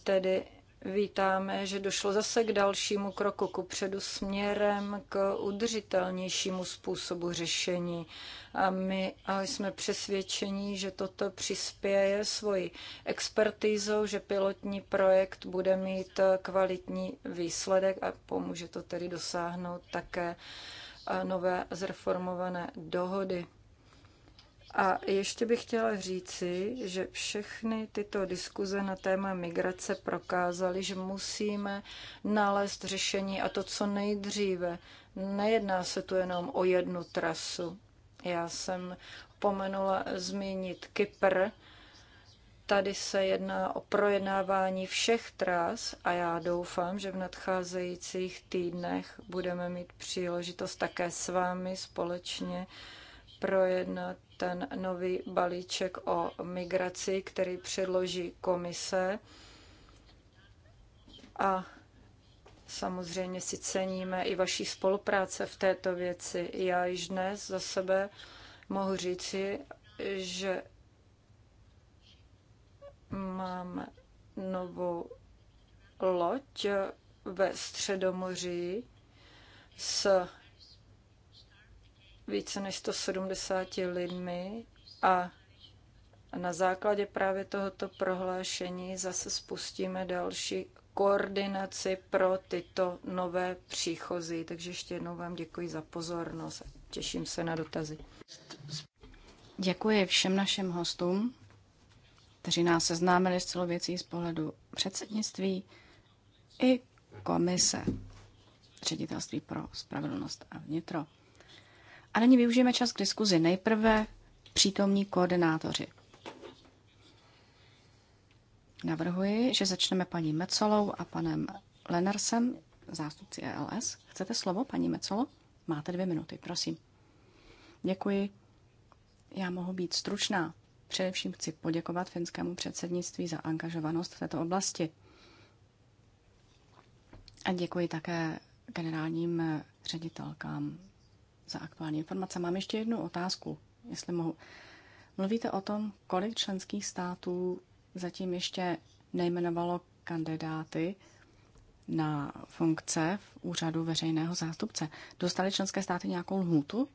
tedy Vítáme, že došlo zase k dalšímu kroku ku předu směrem k udržitelnějšímu způsobu řešení. A my a jsme přesvědčeni, že toto přispěje svoji expertízou, že pilotní projekt bude mít kvalitní výsledek a pomůže to tedy dosáhnout také nové zreformované dohody. A ještě bych chtěla říci, že všechny tyto diskuze na téma migrace prokázaly, že musíme nalézt řešení a to co nejdříve. Nejedná se tu jenom o jednu trasu. Já jsem pomenula zmínit Kypr. Tady se jedná o projednávání všech tras a já doufám, že v nadcházejících týdnech budeme mít příležitost také s vámi společně projednat ten nový balíček o migraci, který předloží komise. A samozřejmě si ceníme i vaší spolupráce v této věci. Já již dnes za sebe mohu říci, že mám novou loď ve Středomoří s více než 170 lidmi a na základě právě tohoto prohlášení zase spustíme další koordinaci pro tyto nové příchozí. Takže ještě jednou vám děkuji za pozornost a těším se na dotazy.
Děkuji všem našim hostům, kteří nás seznámili s celou věcí z pohledu předsednictví i komise ředitelství pro spravedlnost a vnitro. A nyní využijeme čas k diskuzi. Nejprve přítomní koordinátoři. Navrhuji, že začneme paní Mecolou a panem Lenarsem, zástupci ELS. Chcete slovo, paní Mecolo? Máte dvě minuty, prosím. Děkuji. Já mohu být stručná. Především chci poděkovat finskému předsednictví za angažovanost v této oblasti. A děkuji také generálním ředitelkám za aktuální informace. Mám ještě jednu otázku, jestli mohu. Mluvíte o tom, kolik členských států zatím ještě nejmenovalo kandidáty na funkce v úřadu veřejného zástupce. Dostali členské státy nějakou lhůtu?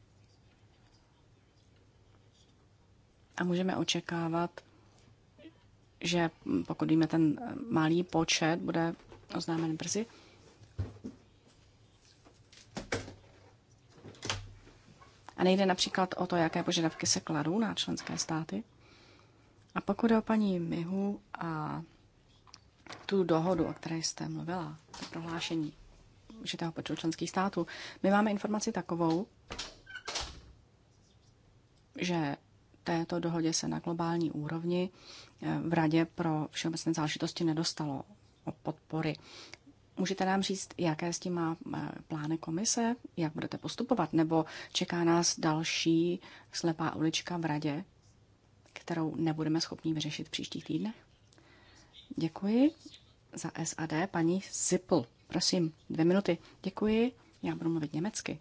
A můžeme očekávat, že pokud víme, ten malý počet bude oznámen brzy. nejde například o to, jaké požadavky se kladou na členské státy. A pokud je o paní Mihu a tu dohodu, o které jste mluvila, to prohlášení užitého počtu členských států, my máme informaci takovou, že této dohodě se na globální úrovni eh, v Radě pro všeobecné záležitosti nedostalo o podpory. Můžete nám říct, jaké s tím má eh, plány komise, jak budete postupovat, nebo čeká nás další slepá ulička v radě, kterou nebudeme schopni vyřešit v příštích týdnech? Děkuji za SAD, paní Zippel. Prosím, dvě minuty. Děkuji, já budu mluvit německy.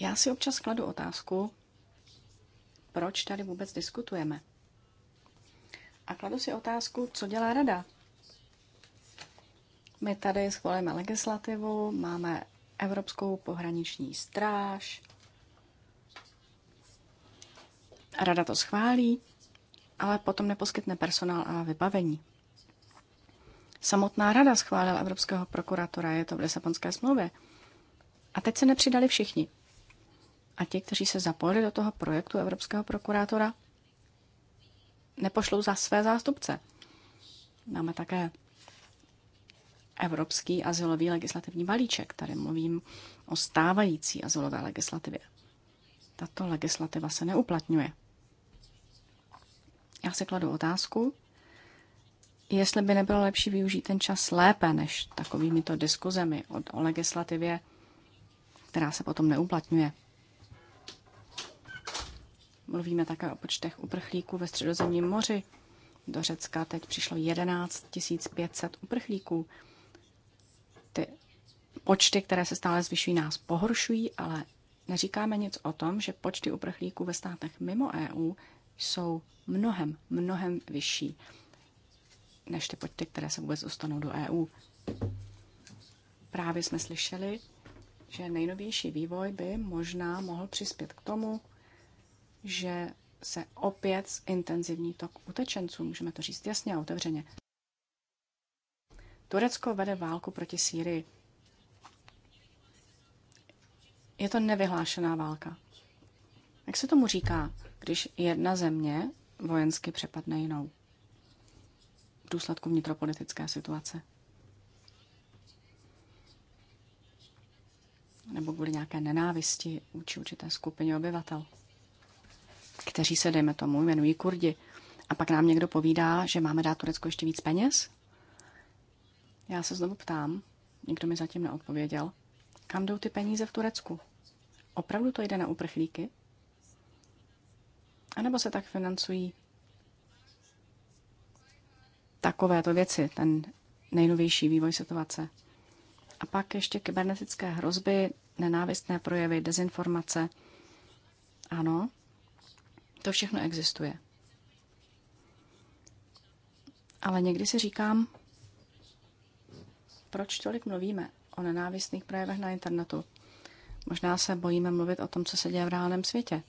Já si občas kladu otázku, proč tady vůbec diskutujeme. A kladu si otázku, co dělá rada. My tady schvalujeme legislativu, máme Evropskou pohraniční stráž. Rada to schválí, ale potom neposkytne personál a vybavení. Samotná rada schválila Evropského prokuratora, je to v Lisabonské smlouvě. A teď se nepřidali všichni a ti, kteří se zapojili do toho projektu Evropského prokurátora, nepošlou za své zástupce. Máme také Evropský asilový legislativní balíček. Tady mluvím o stávající asilové legislativě. Tato legislativa se neuplatňuje. Já si kladu otázku, jestli by nebylo lepší využít ten čas lépe než takovými to diskuzemi o legislativě, která se potom neuplatňuje. Mluvíme také o počtech uprchlíků ve středozemním moři. Do Řecka teď přišlo 11 500 uprchlíků. Ty počty, které se stále zvyšují, nás pohoršují, ale neříkáme nic o tom, že počty uprchlíků ve státech mimo EU jsou mnohem, mnohem vyšší než ty počty, které se vůbec dostanou do EU. Právě jsme slyšeli, že nejnovější vývoj by možná mohl přispět k tomu, že se opět intenzivní tok utečenců. Můžeme to říct jasně a otevřeně. Turecko vede válku proti Sýrii. Je to nevyhlášená válka. Jak se tomu říká, když jedna země vojensky přepadne jinou? V důsledku vnitropolitické situace. Nebo kvůli nějaké nenávisti vůči určité skupině obyvatel kteří se, dejme tomu, jmenují Kurdi. A pak nám někdo povídá, že máme dát Turecku ještě víc peněz? Já se znovu ptám, nikdo mi zatím neodpověděl, kam jdou ty peníze v Turecku? Opravdu to jde na uprchlíky? A nebo se tak financují takovéto věci, ten nejnovější vývoj situace? A pak ještě kybernetické hrozby, nenávistné projevy, dezinformace. Ano, to všechno existuje. Ale někdy si říkám, proč tolik mluvíme o nenávistných projevech na internetu? Možná se bojíme mluvit o tom, co se děje v reálném světě.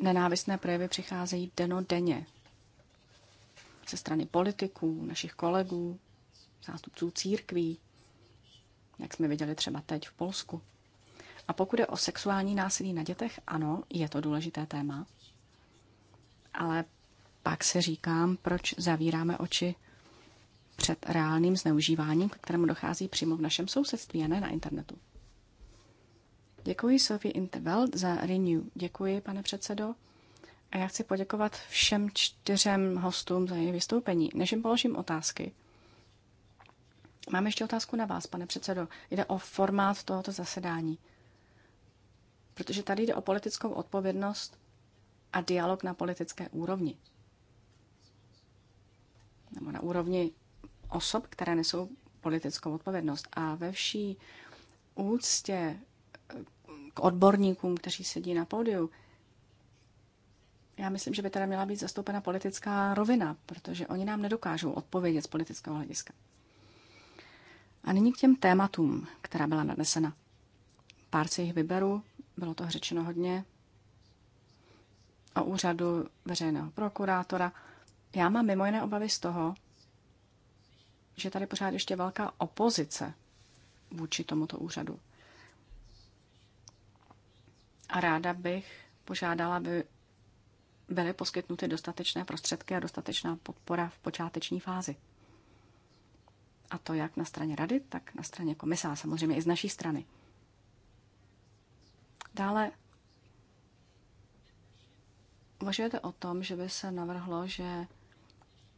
Nenávistné projevy přicházejí denně. Ze strany politiků, našich kolegů, zástupců církví, jak jsme viděli třeba teď v Polsku. A pokud je o sexuální násilí na dětech, ano, je to důležité téma. Ale pak se říkám, proč zavíráme oči před reálným zneužíváním, k kterému dochází přímo v našem sousedství a ne na internetu. Děkuji Sophie Intervelt za Renew. Děkuji, pane předsedo. A já chci poděkovat všem čtyřem hostům za jejich vystoupení. Než jim položím otázky, mám ještě otázku na vás, pane předsedo. Jde o formát tohoto zasedání. Protože tady jde o politickou odpovědnost a dialog na politické úrovni. Nebo na úrovni osob, které nesou politickou odpovědnost. A ve vší úctě eh, k odborníkům, kteří sedí na pódiu, já myslím, že by teda měla být zastoupena politická rovina, protože oni nám nedokážou odpovědět z politického hlediska. A nyní k těm tématům, která byla nadnesena. Pár si jich vyberu, bylo toho řečeno hodně o úřadu veřejného prokurátora. Já mám mimo jiné obavy z toho, že tady pořád ještě velká opozice vůči tomuto úřadu. A ráda bych požádala, aby byly poskytnuty dostatečné prostředky a dostatečná podpora v počáteční fázi. A to jak na straně rady, tak na straně komisa, samozřejmě i z naší strany. Dále uvažujete o tom, že by se navrhlo, že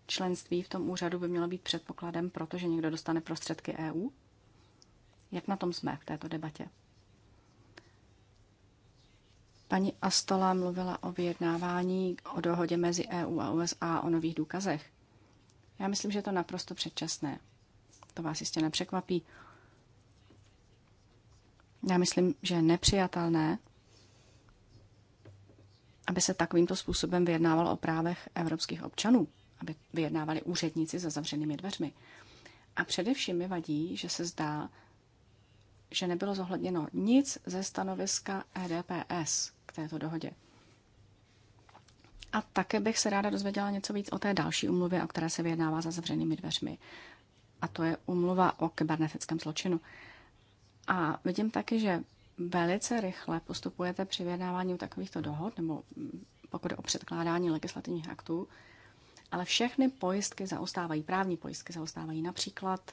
členství v tom úřadu by mělo být předpokladem, protože někdo dostane prostředky EU? Jak na tom jsme v této debatě? Paní Astola mluvila o vyjednávání o dohodě mezi EU a USA o nových důkazech. Já myslím, že je to naprosto předčasné. To vás jistě nepřekvapí. Já myslím, že je nepřijatelné, aby se takovýmto způsobem vyjednávalo o právech evropských občanů, aby vyjednávali úředníci za zavřenými dveřmi. A především mi vadí, že se zdá, že nebylo zohledněno nic ze stanoviska EDPS k této dohodě. A také bych se ráda dozvěděla něco víc o té další umluvě, o které se vyjednává za zavřenými dveřmi. A to je umluva o kybernetickém zločinu. A vidím taky, že velice rychle postupujete při vyjednávání takovýchto dohod, nebo pokud je o předkládání legislativních aktů, ale všechny pojistky zaostávají, právní pojistky zaostávají. Například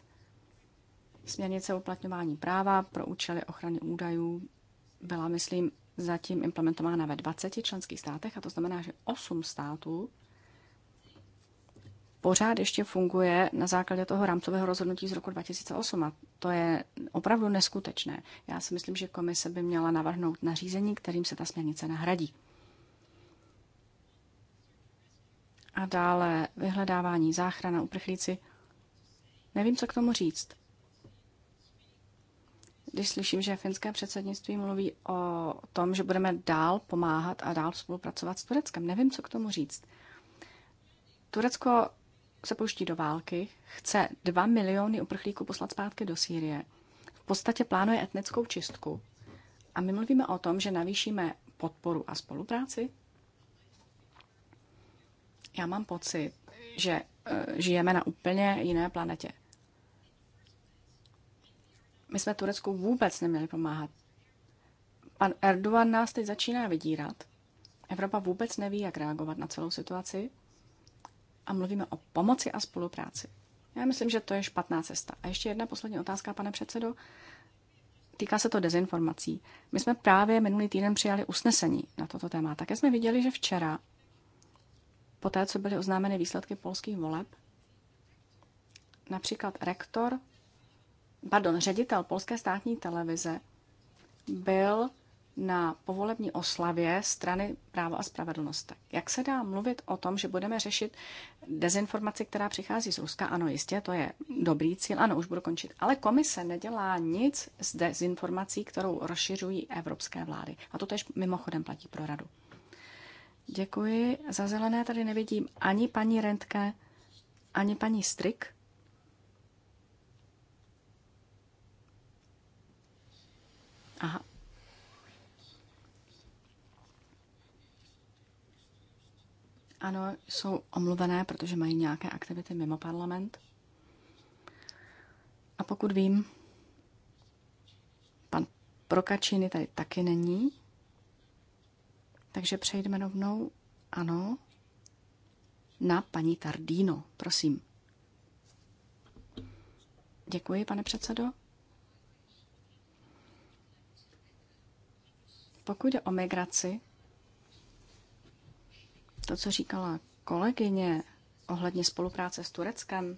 směrnice uplatňování práva pro účely ochrany údajů byla, myslím, zatím implementována ve 20 členských státech a to znamená, že 8 států pořád ještě funguje na základě toho rámcového rozhodnutí z roku 2008 a to je opravdu neskutečné. Já si myslím, že komise by měla navrhnout nařízení, kterým se ta směrnice nahradí. A dále vyhledávání, záchrana, uprchlíci. Nevím, co k tomu říct. Když slyším, že finské předsednictví mluví o tom, že budeme dál pomáhat a dál spolupracovat s Tureckem, nevím, co k tomu říct. Turecko se pouští do války, chce 2 miliony uprchlíků poslat zpátky do Sýrie, v podstatě plánuje etnickou čistku. A my mluvíme o tom, že navýšíme podporu a spolupráci? Já mám pocit, že e, žijeme na úplně jiné planetě. My jsme Turecku vůbec neměli pomáhat. Pan Erdogan nás teď začíná vydírat. Evropa vůbec neví, jak reagovat na celou situaci a mluvíme o pomoci a spolupráci. Já myslím, že to je špatná cesta. A ještě jedna poslední otázka, pane předsedo. Týká se to dezinformací. My jsme právě minulý týden přijali usnesení na toto téma. Také jsme viděli, že včera, po té, co byly oznámeny výsledky polských voleb, například rektor, pardon, ředitel polské státní televize byl na povolební oslavě strany Právo a spravedlnost. Jak se dá mluvit o tom, že budeme řešit dezinformaci, která přichází z Ruska? Ano, jistě, to je dobrý cíl. Ano, už budu končit. Ale komise nedělá nic s dezinformací, kterou rozšiřují evropské vlády. A to tež mimochodem platí pro radu. Děkuji. Za zelené tady nevidím ani paní Rentke, ani paní Strik. Aha, Ano, jsou omluvené, protože mají nějaké aktivity mimo parlament. A pokud vím, pan Prokačiny tady taky není. Takže přejdeme rovnou, ano, na paní Tardino, prosím. Děkuji, pane předsedo. Pokud jde o migraci, to, co říkala kolegyně ohledně spolupráce s Tureckem,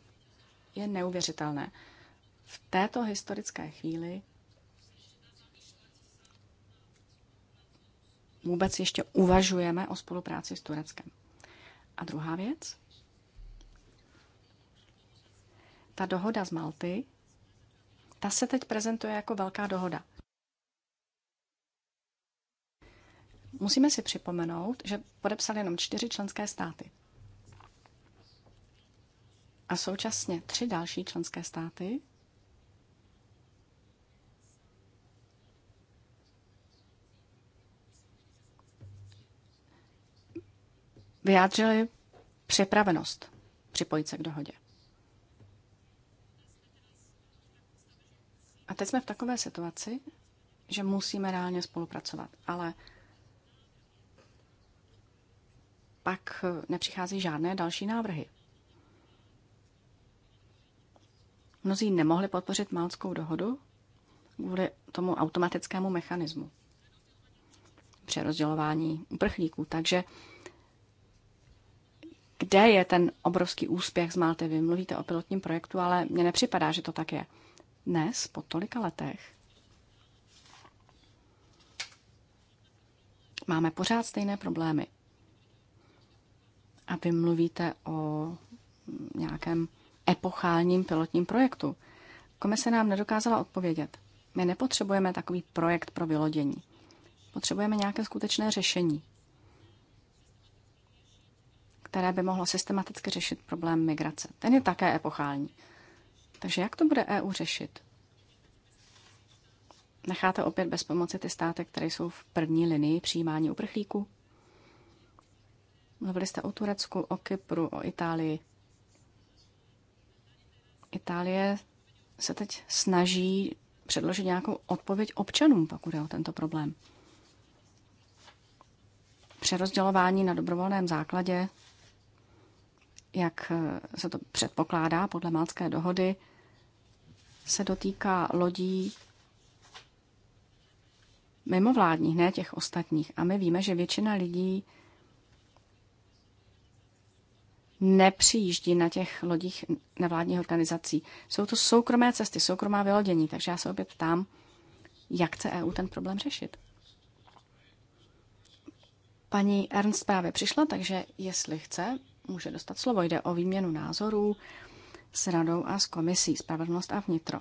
je neuvěřitelné. V této historické chvíli vůbec ještě uvažujeme o spolupráci s Tureckem. A druhá věc. Ta dohoda z Malty, ta se teď prezentuje jako velká dohoda – Musíme si připomenout, že podepsali jenom čtyři členské státy. A současně tři další členské státy vyjádřili připravenost připojit se k dohodě. A teď jsme v takové situaci, že musíme reálně spolupracovat. Ale pak eh, nepřichází žádné další návrhy. Mnozí nemohli podpořit Malckou dohodu kvůli tomu automatickému mechanismu přerozdělování uprchlíků. Takže kde je ten obrovský úspěch z Malty? Vy mluvíte o pilotním projektu, ale mně nepřipadá, že to tak je. Dnes, po tolika letech, máme pořád stejné problémy. A vy mluvíte o nějakém epochálním pilotním projektu. Komise nám nedokázala odpovědět. My nepotřebujeme takový projekt pro vylodění. Potřebujeme nějaké skutečné řešení, které by mohlo systematicky řešit problém migrace. Ten je také epochální. Takže jak to bude EU řešit? Necháte opět bez pomoci ty státy, které jsou v první linii přijímání uprchlíků? Mluvili jste o Turecku, o Kypru, o Itálii. Itálie se teď snaží předložit nějakou odpověď občanům, pokud je o tento problém. Přerozdělování na dobrovolném základě, jak se to předpokládá podle Malcké dohody, se dotýká lodí mimovládních, ne těch ostatních. A my víme, že většina lidí nepřijíždí na těch lodích nevládních organizací. Jsou to soukromé cesty, soukromá vylodění, takže já se opět ptám, jak chce EU ten problém řešit. Paní Ernst právě přišla, takže jestli chce, může dostat slovo. Jde o výměnu názorů s radou a s komisí Spravedlnost a vnitro.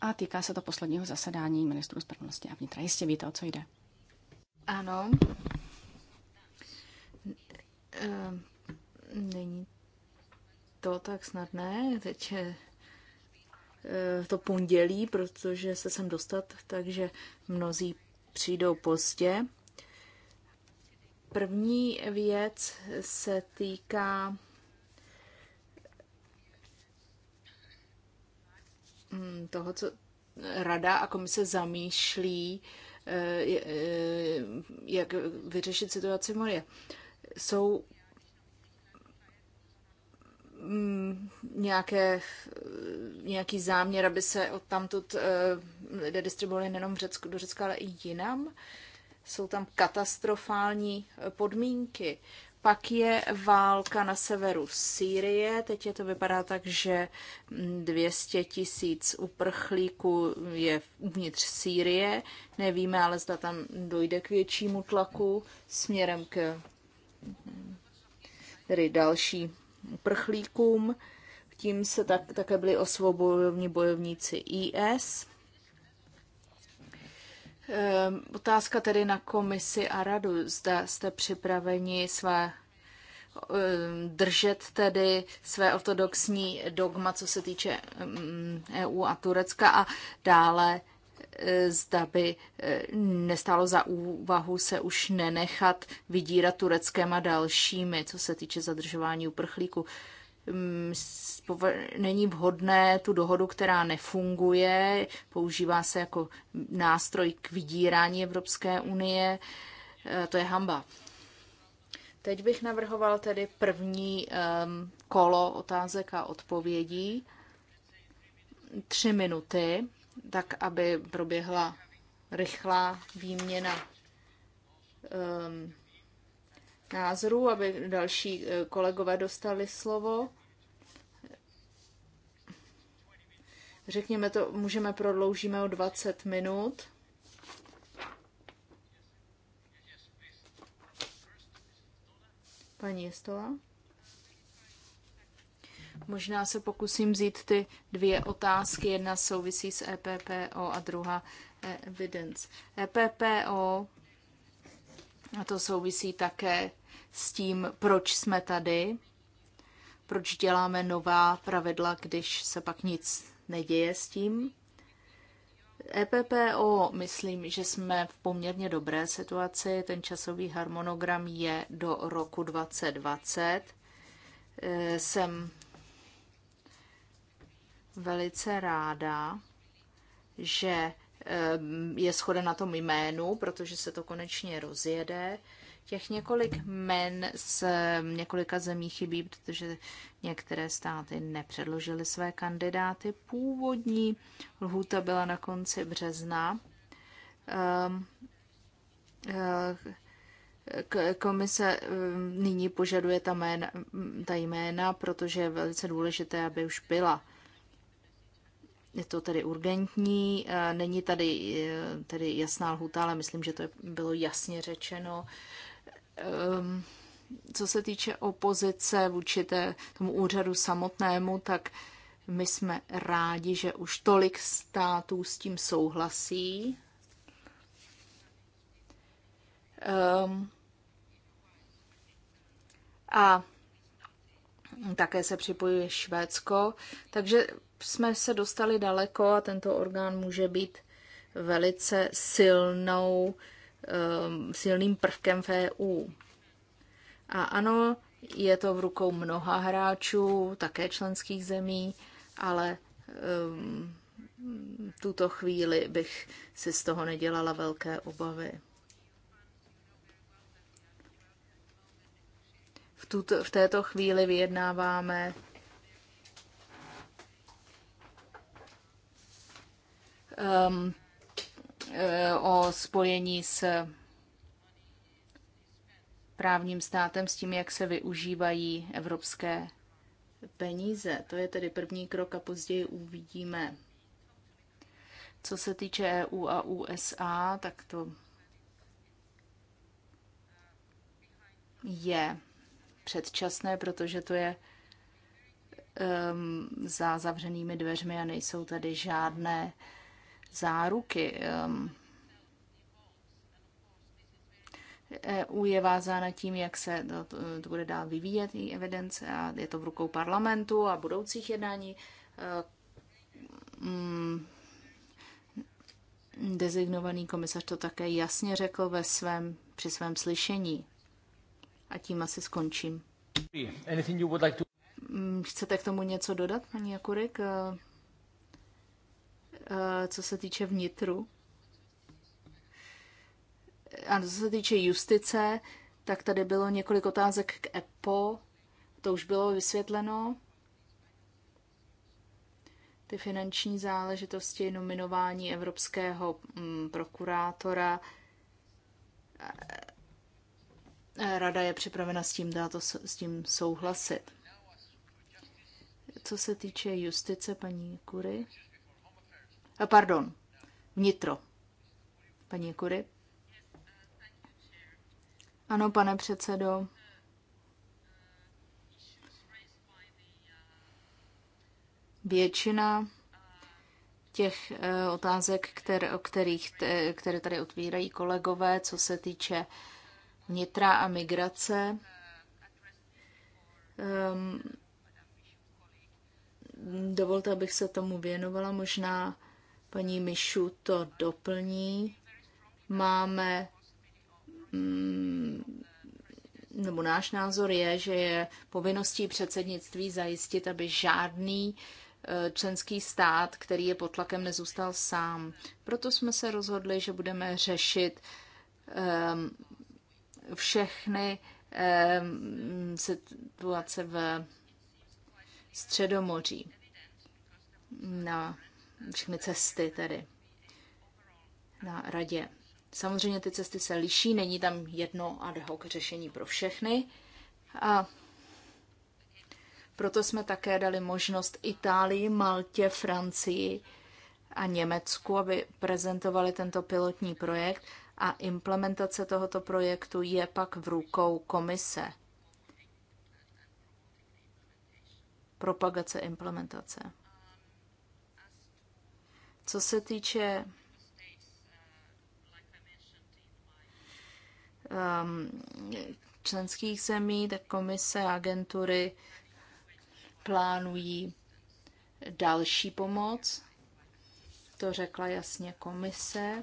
A týká se to posledního zasedání ministrů spravedlnosti a vnitra. Jistě víte, o co jde. Ano, Ehm, není to tak snadné. Teď
je eh, to pondělí, protože se sem dostat, takže mnozí přijdou pozdě. První věc se týká hm, toho, co rada a komise zamýšlí, eh, eh, jak vyřešit situaci Morie jsou mm, nějaké, nějaký záměr, aby se odtamtud eh, lidé distribuovali nejenom do Řecka, ale i jinam. Jsou tam katastrofální eh, podmínky. Pak je válka na severu Sýrie. Teď je to vypadá tak, že 200 mm, tisíc uprchlíků je uvnitř Sýrie. Nevíme ale, zda tam dojde k většímu tlaku směrem k tedy další uprchlíkům. Tím se tak, také byli osvobojovní bojovníci IS. Ehm, otázka tedy na komisi a radu. Zda jste připraveni své ehm, držet tedy své ortodoxní dogma, co se týče EU ehm, e a Turecka a dále zda by e, nestálo za úvahu se už nenechat vydírat tureckém a dalšími, co se týče zadržování uprchlíků. Mm, není vhodné tu dohodu, která nefunguje, používá se jako nástroj k vydírání Evropské unie. E, to je hamba. Teď bych navrhoval tedy první um, kolo otázek a odpovědí. Tři minuty tak aby proběhla rychlá výměna um, názorů, aby další eh, kolegové dostali slovo. Řekněme to, můžeme prodloužíme o 20 minut. Paní Jestola. Možná se pokusím vzít ty dvě otázky. Jedna souvisí s EPPO a druhá evidence. EPPO, a to souvisí také s tím, proč jsme tady, proč děláme nová pravidla, když se pak nic neděje s tím. EPPO, myslím, že jsme v poměrně dobré situaci. Ten časový harmonogram je do roku 2020. E, jsem velice ráda, že eh, je schoda na tom jménu, protože se to konečně rozjede. Těch několik men z několika zemí chybí, protože některé státy nepředložily své kandidáty. Původní lhůta byla na konci března. Ehm, eh, komise ehm, nyní požaduje ta jména, ta jména, protože je velice důležité, aby už byla je to tedy urgentní, eh, není tady, eh, tady jasná lhuta, ale myslím, že to bylo jasně řečeno. Ehm, co se týče opozice vůči té, tomu úřadu samotnému, tak my jsme rádi, že už tolik států s tím souhlasí. Um, a také se připojuje Švédsko, takže jsme se dostali daleko a tento orgán může být velice silnou, ehm, silným prvkem v EU. A ano, je to v rukou mnoha hráčů, také členských zemí, ale um, tuto chvíli bych si z toho nedělala velké obavy. V, tuto, v této chvíli vyjednáváme um, eh, o spojení s právním státem, s tím, jak se využívají evropské peníze. To je tedy první krok a později uvidíme. Co se týče EU a USA, tak to je předčasné, protože to je um, za zavřenými dveřmi a nejsou tady žádné uh, záruky. EU ehm, e je vázána tím, jak se to, to, to bude dál vyvíjet, její evidence, a je to v rukou parlamentu a budoucích jednání. Ehm, mm, Dezignovaný komisař to také jasně řekl ve svém, při svém slyšení. A tím asi skončím. Mm, chcete k tomu něco dodat, paní Jakurik? Eh, co se týče vnitru. A co se týče justice, tak tady bylo několik otázek k EPO, to už bylo vysvětleno. Ty finanční záležitosti, nominování evropského mm, prokurátora. Eh, rada je připravena s tím, dá to, s tím souhlasit. Co se týče justice paní Kury, a eh, pardon, vnitro. Paní Kury. Ano, pane předsedo. Většina těch eh, otázek, které, o kterých, eh, které tady otvírají kolegové, co se týče vnitra a migrace, um, dovolte, abych se tomu věnovala. Možná Paní Mišu to doplní. Máme, mm, nebo náš názor je, že je povinností předsednictví zajistit, aby žádný e, členský stát, který je pod tlakem, nezůstal sám. Proto jsme se rozhodli, že budeme řešit všechny situace v Středomoří. Na všechny cesty tedy na radě. Samozřejmě ty cesty se liší, není tam jedno ad hoc řešení pro všechny. A proto jsme také dali možnost Itálii, Maltě, Francii a Německu, aby prezentovali tento pilotní projekt a implementace tohoto projektu je pak v rukou komise. Propagace implementace. Co se týče um, členských zemí, tak komise a agentury plánují další pomoc. To řekla jasně komise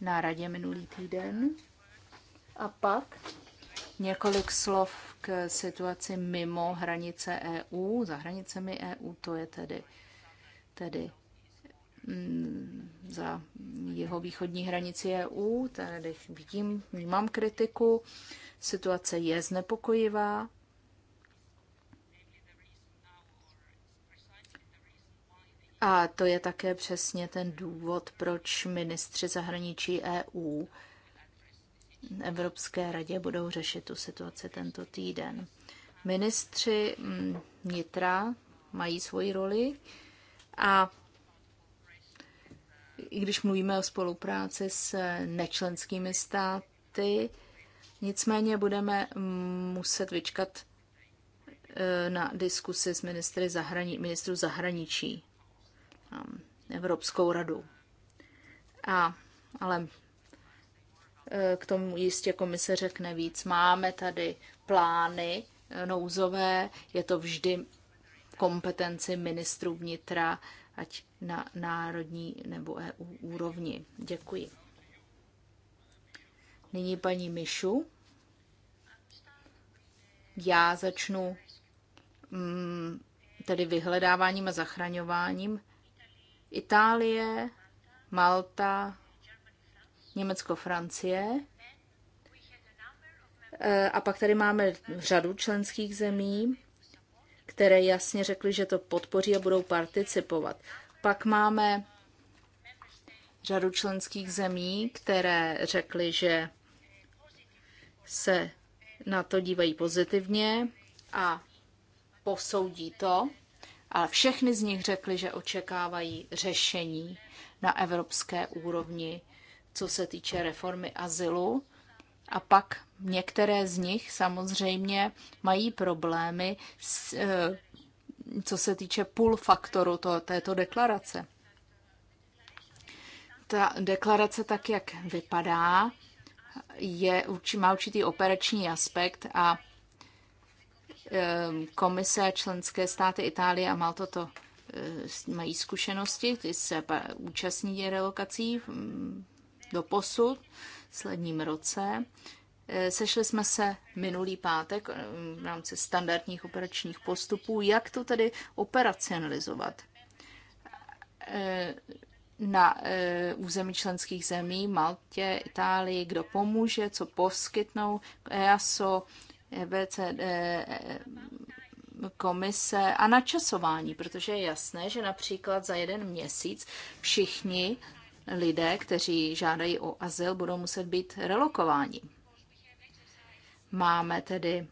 na radě minulý týden. A pak několik slov k situaci mimo hranice EU, za hranicemi EU, to je tedy, tedy Mm, za jeho východní hranici EU, tady vidím, mám kritiku, situace je znepokojivá. A to je také přesně ten důvod, proč ministři zahraničí EU Evropské radě budou řešit tu situaci tento týden. Ministři mm, vnitra mají svoji roli a i když mluvíme o spolupráci s nečlenskými státy, nicméně budeme muset vyčkat eh, na diskusi s ministry zahrani- ministru zahraničí Evropskou radu. A, ale eh, k tomu jistě komise řekne víc. Máme tady plány eh, nouzové, je to vždy kompetenci ministrů vnitra ať na národní nebo EU úrovni. Děkuji. Nyní paní Mišu. Já začnu mm, tedy vyhledáváním a zachraňováním. Itálie, Malta, Německo, Francie. E, a pak tady máme řadu členských zemí které jasně řekly, že to podpoří a budou participovat. Pak máme řadu členských zemí, které řekly, že se na to dívají pozitivně a posoudí to, ale všechny z nich řekly, že očekávají řešení na evropské úrovni, co se týče reformy azylu. A pak Některé z nich samozřejmě mají problémy, s, eh, co se týče půl faktoru to, této deklarace. Ta deklarace tak, jak vypadá, je, má určitý operační aspekt a eh, komise členské státy Itálie a Malta to eh, mají zkušenosti, ty se účastní relokací hm, do posud v sledním roce. Eh, sešli jsme se minulý pátek eh, v rámci standardních operačních postupů, jak to tedy operacionalizovat. Eh, na území členských zemí, Maltě, Itálii, kdo pomůže, co poskytnou, EASO, EBCD, komise a načasování, protože je jasné, že například za jeden měsíc všichni lidé, kteří žádají o azyl, budou muset být relokováni. Máme tedy,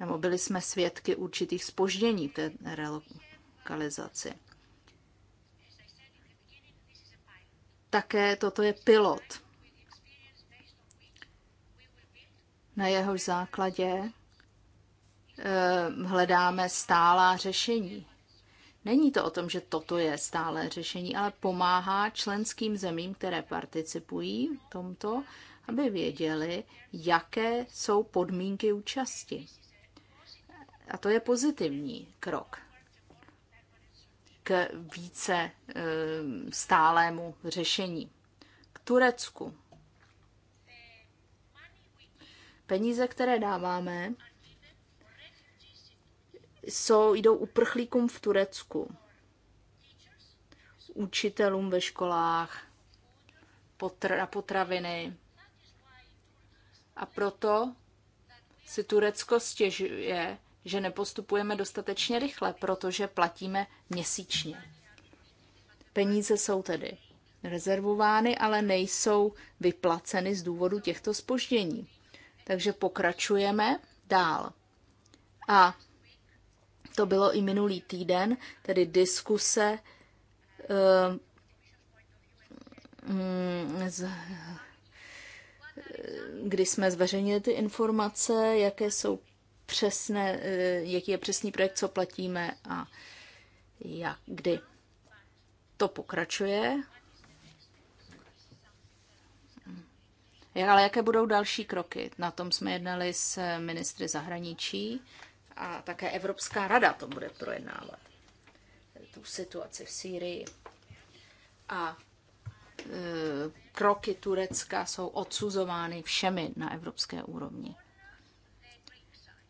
nebo byli jsme svědky určitých spoždění té relokalizaci. Také toto je pilot. Na jehož základě eh, hledáme stálá řešení. Není to o tom, že toto je stálé řešení, ale pomáhá členským zemím, které participují v tomto, aby věděli, jaké jsou podmínky účasti. A to je pozitivní krok k více ehm, stálému řešení. K Turecku. Peníze, které dáváme, jsou, jdou uprchlíkům v Turecku, učitelům ve školách, potr- na potraviny, a proto si Turecko stěžuje, že nepostupujeme dostatečně rychle, protože platíme měsíčně. Peníze jsou tedy rezervovány, ale nejsou vyplaceny z důvodu těchto spoždění. Takže pokračujeme dál. A to bylo i minulý týden, tedy diskuse eh, mm, z kdy jsme zveřejnili ty informace, jaké jsou přesné, eh, jaký je přesný projekt, co platíme a jak, kdy. To pokračuje. Ale jaké budou další kroky? Na tom jsme jednali s ministry zahraničí a také Evropská rada to bude projednávat. Tu situaci v Sýrii. A eh, kroky Turecka jsou odsuzovány všemi na evropské úrovni.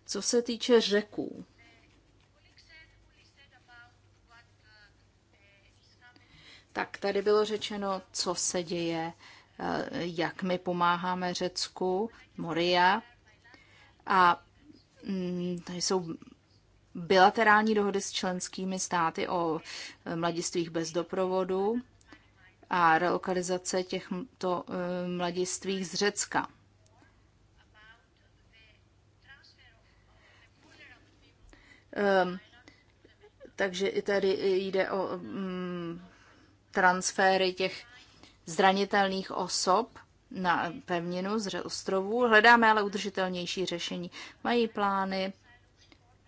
Co se týče řeků, tak tady bylo řečeno, co se děje, eh, jak my pomáháme Řecku, Moria. A mm, tady jsou bilaterální dohody s členskými státy o eh, mladistvích bez doprovodu a relokalizace těchto eh, mladistvých z Řecka. Ehm, takže i tady jde o mm, transfery těch zranitelných osob na pevninu z ostrovů. Hledáme ale udržitelnější řešení. Mají plány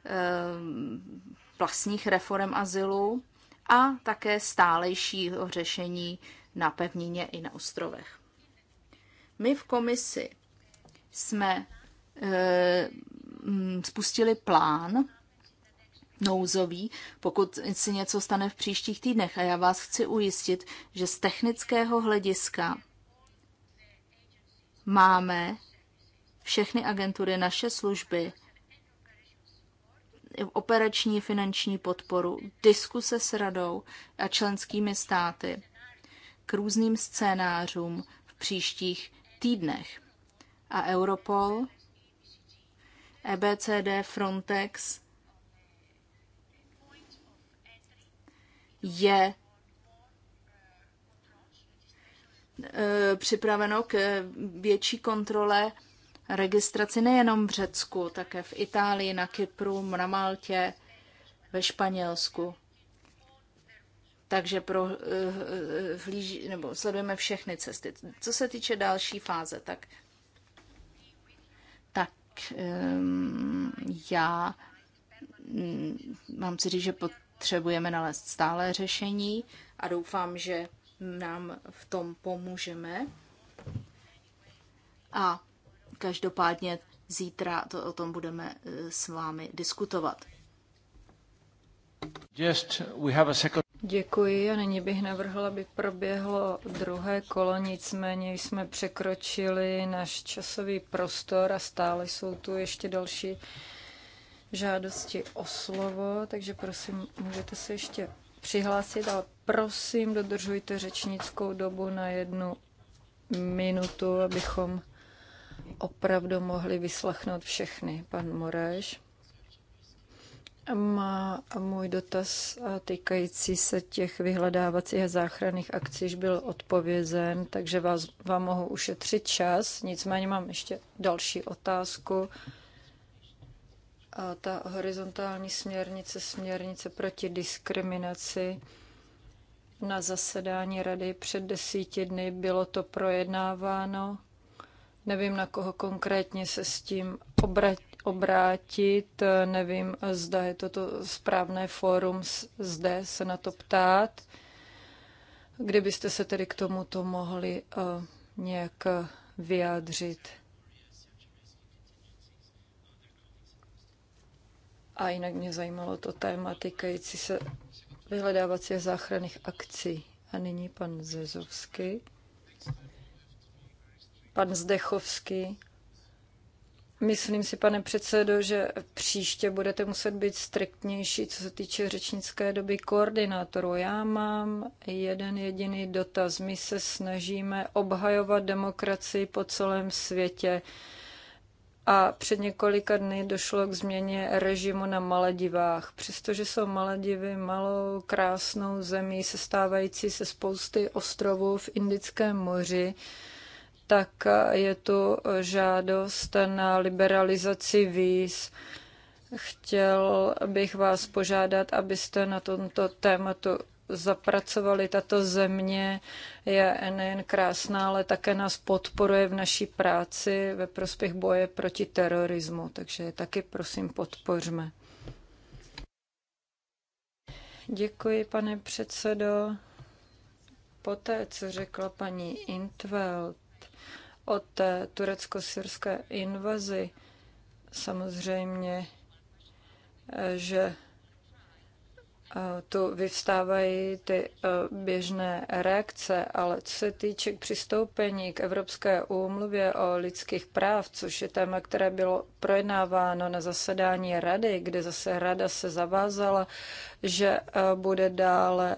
ehm, vlastních reform azylu a také stálejšího řešení na pevnině i na ostrovech. My v komisi jsme e, spustili plán nouzový, pokud si něco stane v příštích týdnech. A já vás chci ujistit, že z technického hlediska máme všechny agentury, naše služby operační finanční podporu, diskuse s radou a členskými státy k různým scénářům v příštích týdnech. A Europol, EBCD, Frontex je e, připraveno k e, větší kontrole registraci nejenom v Řecku, také v Itálii, na Kypru, na Maltě, ve Španělsku. Takže pro, eh, eh, hlíži, nebo sledujeme všechny cesty. Co se týče další fáze, tak, tak um, já mm, mám si říct, že potřebujeme nalézt stále řešení a doufám, že nám v tom pomůžeme. A Každopádně zítra to, o tom budeme e, s vámi diskutovat.
Just, we have a second... Děkuji a nyní bych navrhla, aby proběhlo druhé kolo, nicméně jsme překročili náš časový prostor a stále jsou tu ještě další žádosti o slovo, takže prosím, můžete se ještě přihlásit, ale prosím, dodržujte řečnickou dobu na jednu minutu, abychom opravdu mohli vyslechnout všechny. Pan Moráš má můj dotaz týkající se těch vyhledávacích a záchranných akcí už byl odpovězen, takže vás, vám mohu ušetřit čas. Nicméně mám ještě další otázku. A ta horizontální směrnice, směrnice proti diskriminaci, na zasedání rady před desíti dny bylo to projednáváno Nevím, na koho konkrétně se s tím obrátit, nevím, zda je toto správné fórum zde se na to ptát. Kdybyste se tedy k tomuto mohli eh, nějak vyjádřit. A jinak mě zajímalo to téma týkající se vyhledávacích záchranných akcí. A nyní pan Zezovský pan Zdechovský. Myslím si, pane předsedo, že příště budete muset být striktnější, co se týče řečnické doby koordinátoru. Já mám jeden jediný dotaz. My se snažíme obhajovat demokracii po celém světě. A před několika dny došlo k změně režimu na Maledivách. Přestože jsou Maledivy malou, krásnou zemí, sestávající se spousty ostrovů v Indickém moři, tak eh, je tu eh, žádost na liberalizaci víz. Chtěl bych vás požádat, abyste na tomto tématu zapracovali. Tato země je nejen krásná, ale také nás podporuje v naší práci ve prospěch boje proti terorismu, takže taky prosím podpořme. Děkuji, pane předsedo. Poté, co řekla paní Intveld, o té turecko-syrské invazi. Samozřejmě, eh, že eh, tu vyvstávají ty eh, běžné reakce, ale co se týče k přistoupení k Evropské úmluvě o lidských práv, což je téma, které bylo projednáváno na zasedání rady, kde zase rada se zavázala, že bude dále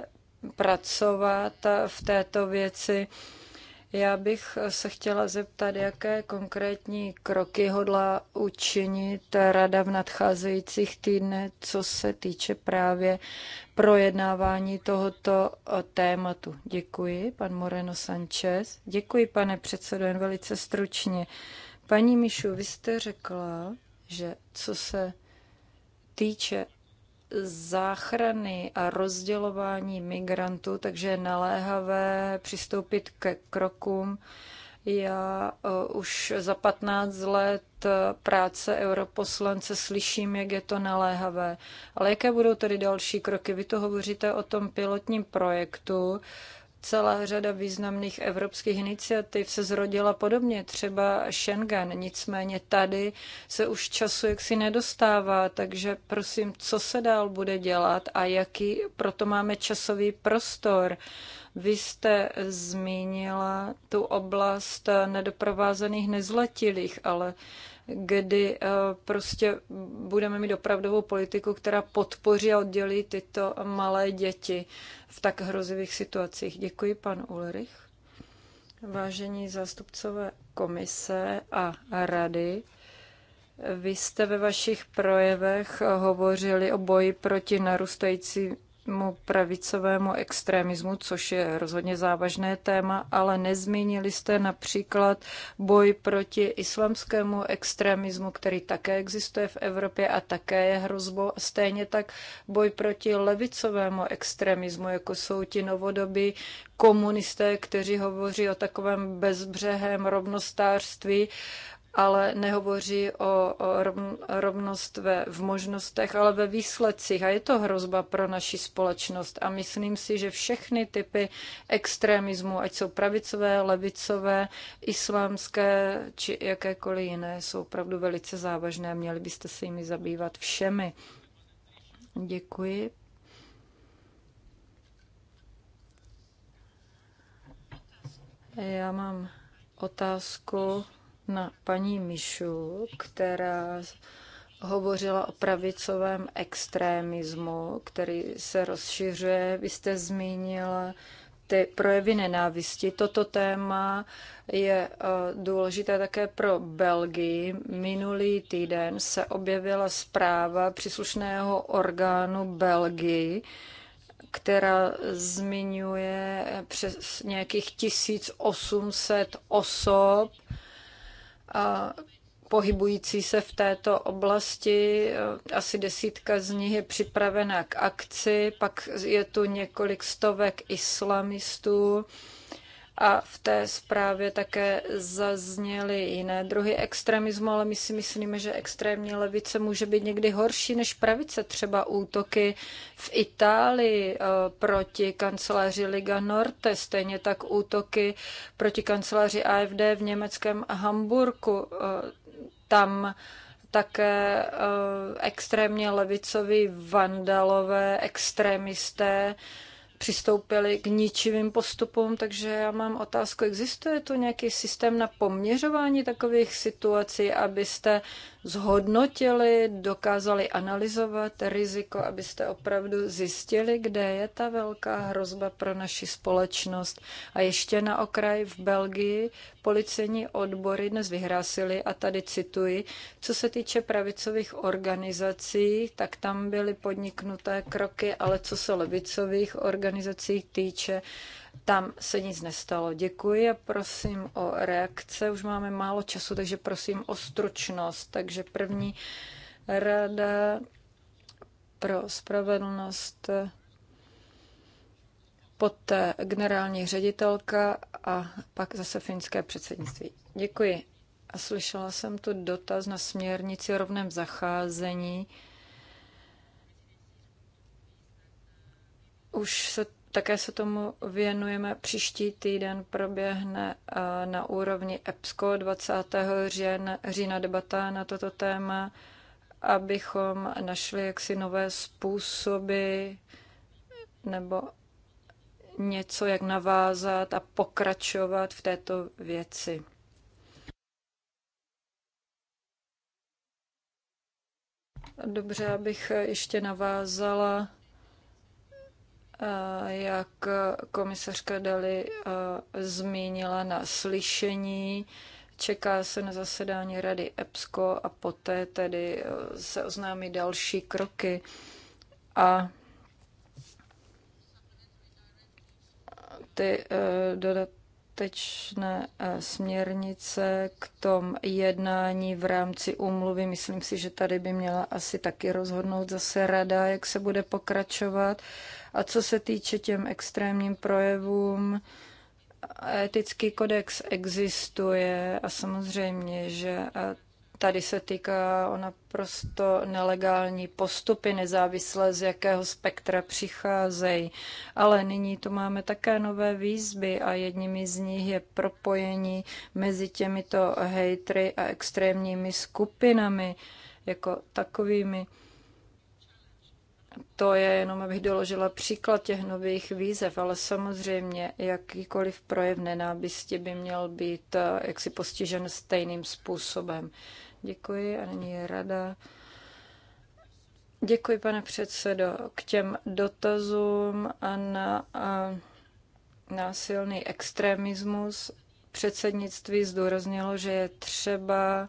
pracovat v této věci, já bych se chtěla zeptat, jaké konkrétní kroky hodlá učinit rada v nadcházejících týdnech, co se týče právě projednávání tohoto eh, tématu. Děkuji, pan Moreno Sanchez. Děkuji, pane předsedo, jen velice stručně. Paní Mišu, vy jste řekla, že co se týče záchrany a rozdělování migrantů, takže je naléhavé přistoupit ke krokům. Já eh, už za 15 let eh, práce europoslance slyším, jak je to naléhavé. Ale jaké budou tedy další kroky? Vy to hovoříte o tom pilotním projektu, celá řada významných evropských iniciativ se zrodila podobně, třeba Schengen. Nicméně tady se už času jaksi nedostává, takže prosím, co se dál bude dělat a jaký proto máme časový prostor. Vy jste zmínila tu oblast nedoprovázených nezletilých, ale kdy eh, prostě budeme mít opravdovou politiku, která podpoří a oddělí tyto malé děti v tak hrozivých situacích. Děkuji, pan Ulrich. Vážení zástupcové komise a rady, vy jste ve vašich projevech hovořili o boji proti narůstající tomu pravicovému extremismu, což je rozhodně závažné téma, ale nezmínili jste například boj proti islamskému extremismu, který také existuje v Evropě a také je hrozbou. Stejně tak boj proti levicovému extremismu, jako jsou ti novodobí komunisté, kteří hovoří o takovém bezbřehém rovnostářství, ale nehovoří o rovnost ve, v možnostech, ale ve výsledcích. A je to hrozba pro naši společnost. A myslím si, že všechny typy extremismu, ať jsou pravicové, levicové, islámské či jakékoliv jiné, jsou opravdu velice závažné. Měli byste se jimi zabývat všemi. Děkuji. Já mám otázku na paní Mišu, která hovořila o pravicovém extrémismu, který se rozšiřuje. Vy jste zmínila ty projevy nenávisti. Toto téma je eh, důležité také pro Belgii. Minulý týden se objevila zpráva příslušného orgánu Belgii, která zmiňuje přes nějakých 1800 osob, pohybující se v této oblasti. Asi desítka z nich je připravena k akci, pak je tu několik stovek islamistů, a v té zprávě také zazněly jiné druhy extremismu, ale my si myslíme, že extrémní levice může být někdy horší než pravice. Třeba útoky v Itálii eh, proti kanceláři Liga Norte, stejně tak útoky proti kanceláři AFD v německém Hamburku. Eh, tam také eh, extrémně levicoví vandalové, extremisté, přistoupili k ničivým postupům, takže já mám otázku, existuje tu nějaký systém na poměřování takových situací, abyste zhodnotili, dokázali analyzovat riziko, abyste opravdu zjistili, kde je ta velká hrozba pro naši společnost. A ještě na okraj v Belgii policejní odbory dnes vyhrásily, a tady cituji, co se týče pravicových organizací, tak tam byly podniknuté kroky, ale co se levicových organizací týče, tam se nic nestalo. Děkuji a prosím o reakce. Už máme málo času, takže prosím o stručnost. Takže první rada pro spravedlnost poté generální ředitelka a pak zase finské předsednictví. Děkuji. A slyšela jsem tu dotaz na směrnici o rovném zacházení. Už se také se tomu věnujeme. Příští týden proběhne eh, na úrovni EPSCO 20. Října, října debata na toto téma, abychom našli jaksi nové způsoby nebo něco, jak navázat a pokračovat v této věci. Dobře, abych ještě navázala, eh, jak komisařka Dali eh, zmínila na slyšení. Čeká se na zasedání Rady EPSCO a poté tedy eh, se oznámí další kroky. A ty eh, dodatečné eh, směrnice k tom jednání v rámci úmluvy. Myslím si, že tady by měla asi taky rozhodnout zase rada, jak se bude pokračovat. A co se týče těm extrémním projevům, etický kodex existuje a samozřejmě, že eh, Tady se týká o naprosto nelegální postupy, nezávisle z jakého spektra přicházejí. Ale nyní tu máme také nové výzvy a jedním z nich je propojení mezi těmito hejtry a extrémními skupinami jako takovými. To je jenom, abych doložila příklad těch nových výzev, ale samozřejmě jakýkoliv projev nenávisti by měl být eh, jaksi postižen stejným způsobem. Děkuji a není je rada. Děkuji, pane předsedo. K těm dotazům a na a násilný extremismus předsednictví zdůraznilo, že je třeba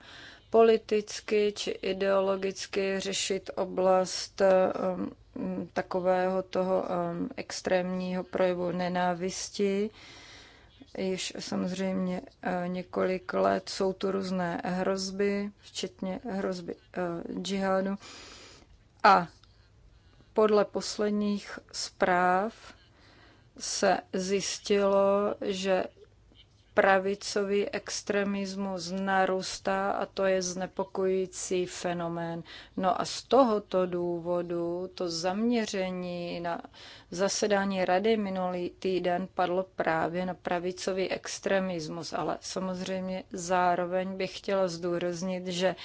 politicky či ideologicky řešit oblast um, takového toho um, extrémního projevu nenávisti. Již samozřejmě eh, několik let jsou tu různé hrozby, včetně hrozby eh, džihadu. A podle posledních zpráv se zjistilo, že pravicový extremismus narůstá a to je znepokojící fenomén. No a z tohoto důvodu to zaměření na zasedání rady minulý týden padlo právě na pravicový extremismus, ale samozřejmě zároveň bych chtěla zdůraznit, že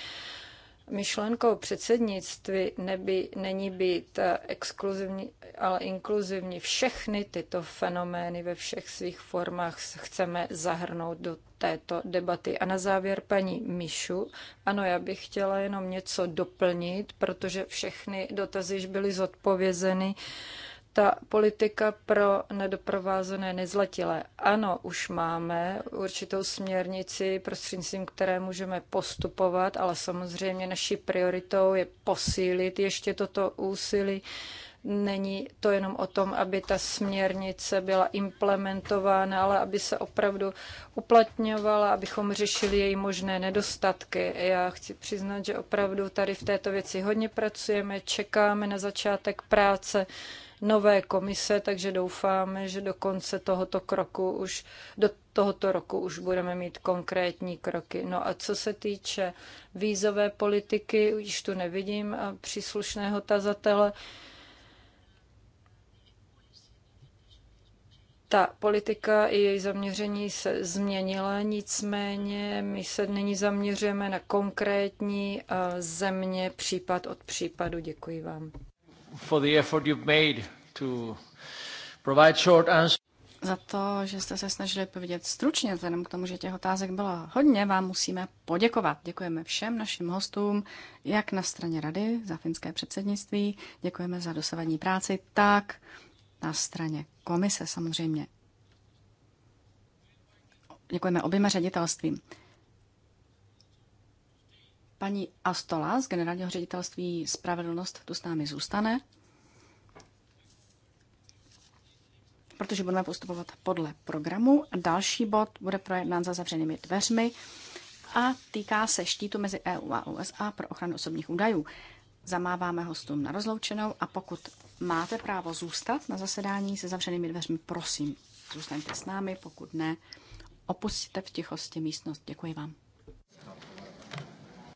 Myšlenkou předsednictví neby, není být eh, exkluzivní, ale inkluzivní. Všechny tyto fenomény ve všech svých formách chceme zahrnout do této debaty. A na závěr paní Mišu. Ano, já bych chtěla jenom něco doplnit, protože všechny dotazy již byly zodpovězeny. Uh, ta politika pro nedoprovázené nezletilé. Ano, už máme určitou směrnici, prostřednictvím které můžeme postupovat, ale samozřejmě naší prioritou je posílit ještě toto úsilí. Není to jenom o tom, aby ta směrnice byla implementována, ale aby se opravdu uplatňovala, abychom řešili její možné nedostatky. Já chci přiznat, že opravdu tady v této věci hodně pracujeme, čekáme na začátek práce nové komise, takže doufáme, že do konce tohoto kroku už, do tohoto roku už budeme mít konkrétní kroky. No a co se týče vízové politiky, už tu nevidím příslušného tazatele. ta politika i její zaměření se změnila, nicméně my se nyní zaměřujeme na konkrétní země případ od případu. Děkuji vám for the effort you've made to provide short answers. Za to, že jste se snažili
povědět stručně, vzhledem k tomu, že těch otázek bylo hodně, vám musíme poděkovat. Děkujeme všem našim hostům, jak na straně Rady za finské předsednictví, děkujeme za dosavadní práci, tak na straně komise samozřejmě. Děkujeme oběma ředitelstvím. Paní Astola z Generálního ředitelství Spravedlnost tu s námi zůstane, protože budeme postupovat podle programu. Další bod bude projednán za zavřenými dveřmi a týká se štítu mezi EU a USA pro ochranu osobních údajů. Zamáváme hostům na rozloučenou a pokud máte právo zůstat na zasedání se zavřenými dveřmi, prosím, zůstaňte s námi, pokud
ne, opustíte v tichosti místnost. Děkuji vám.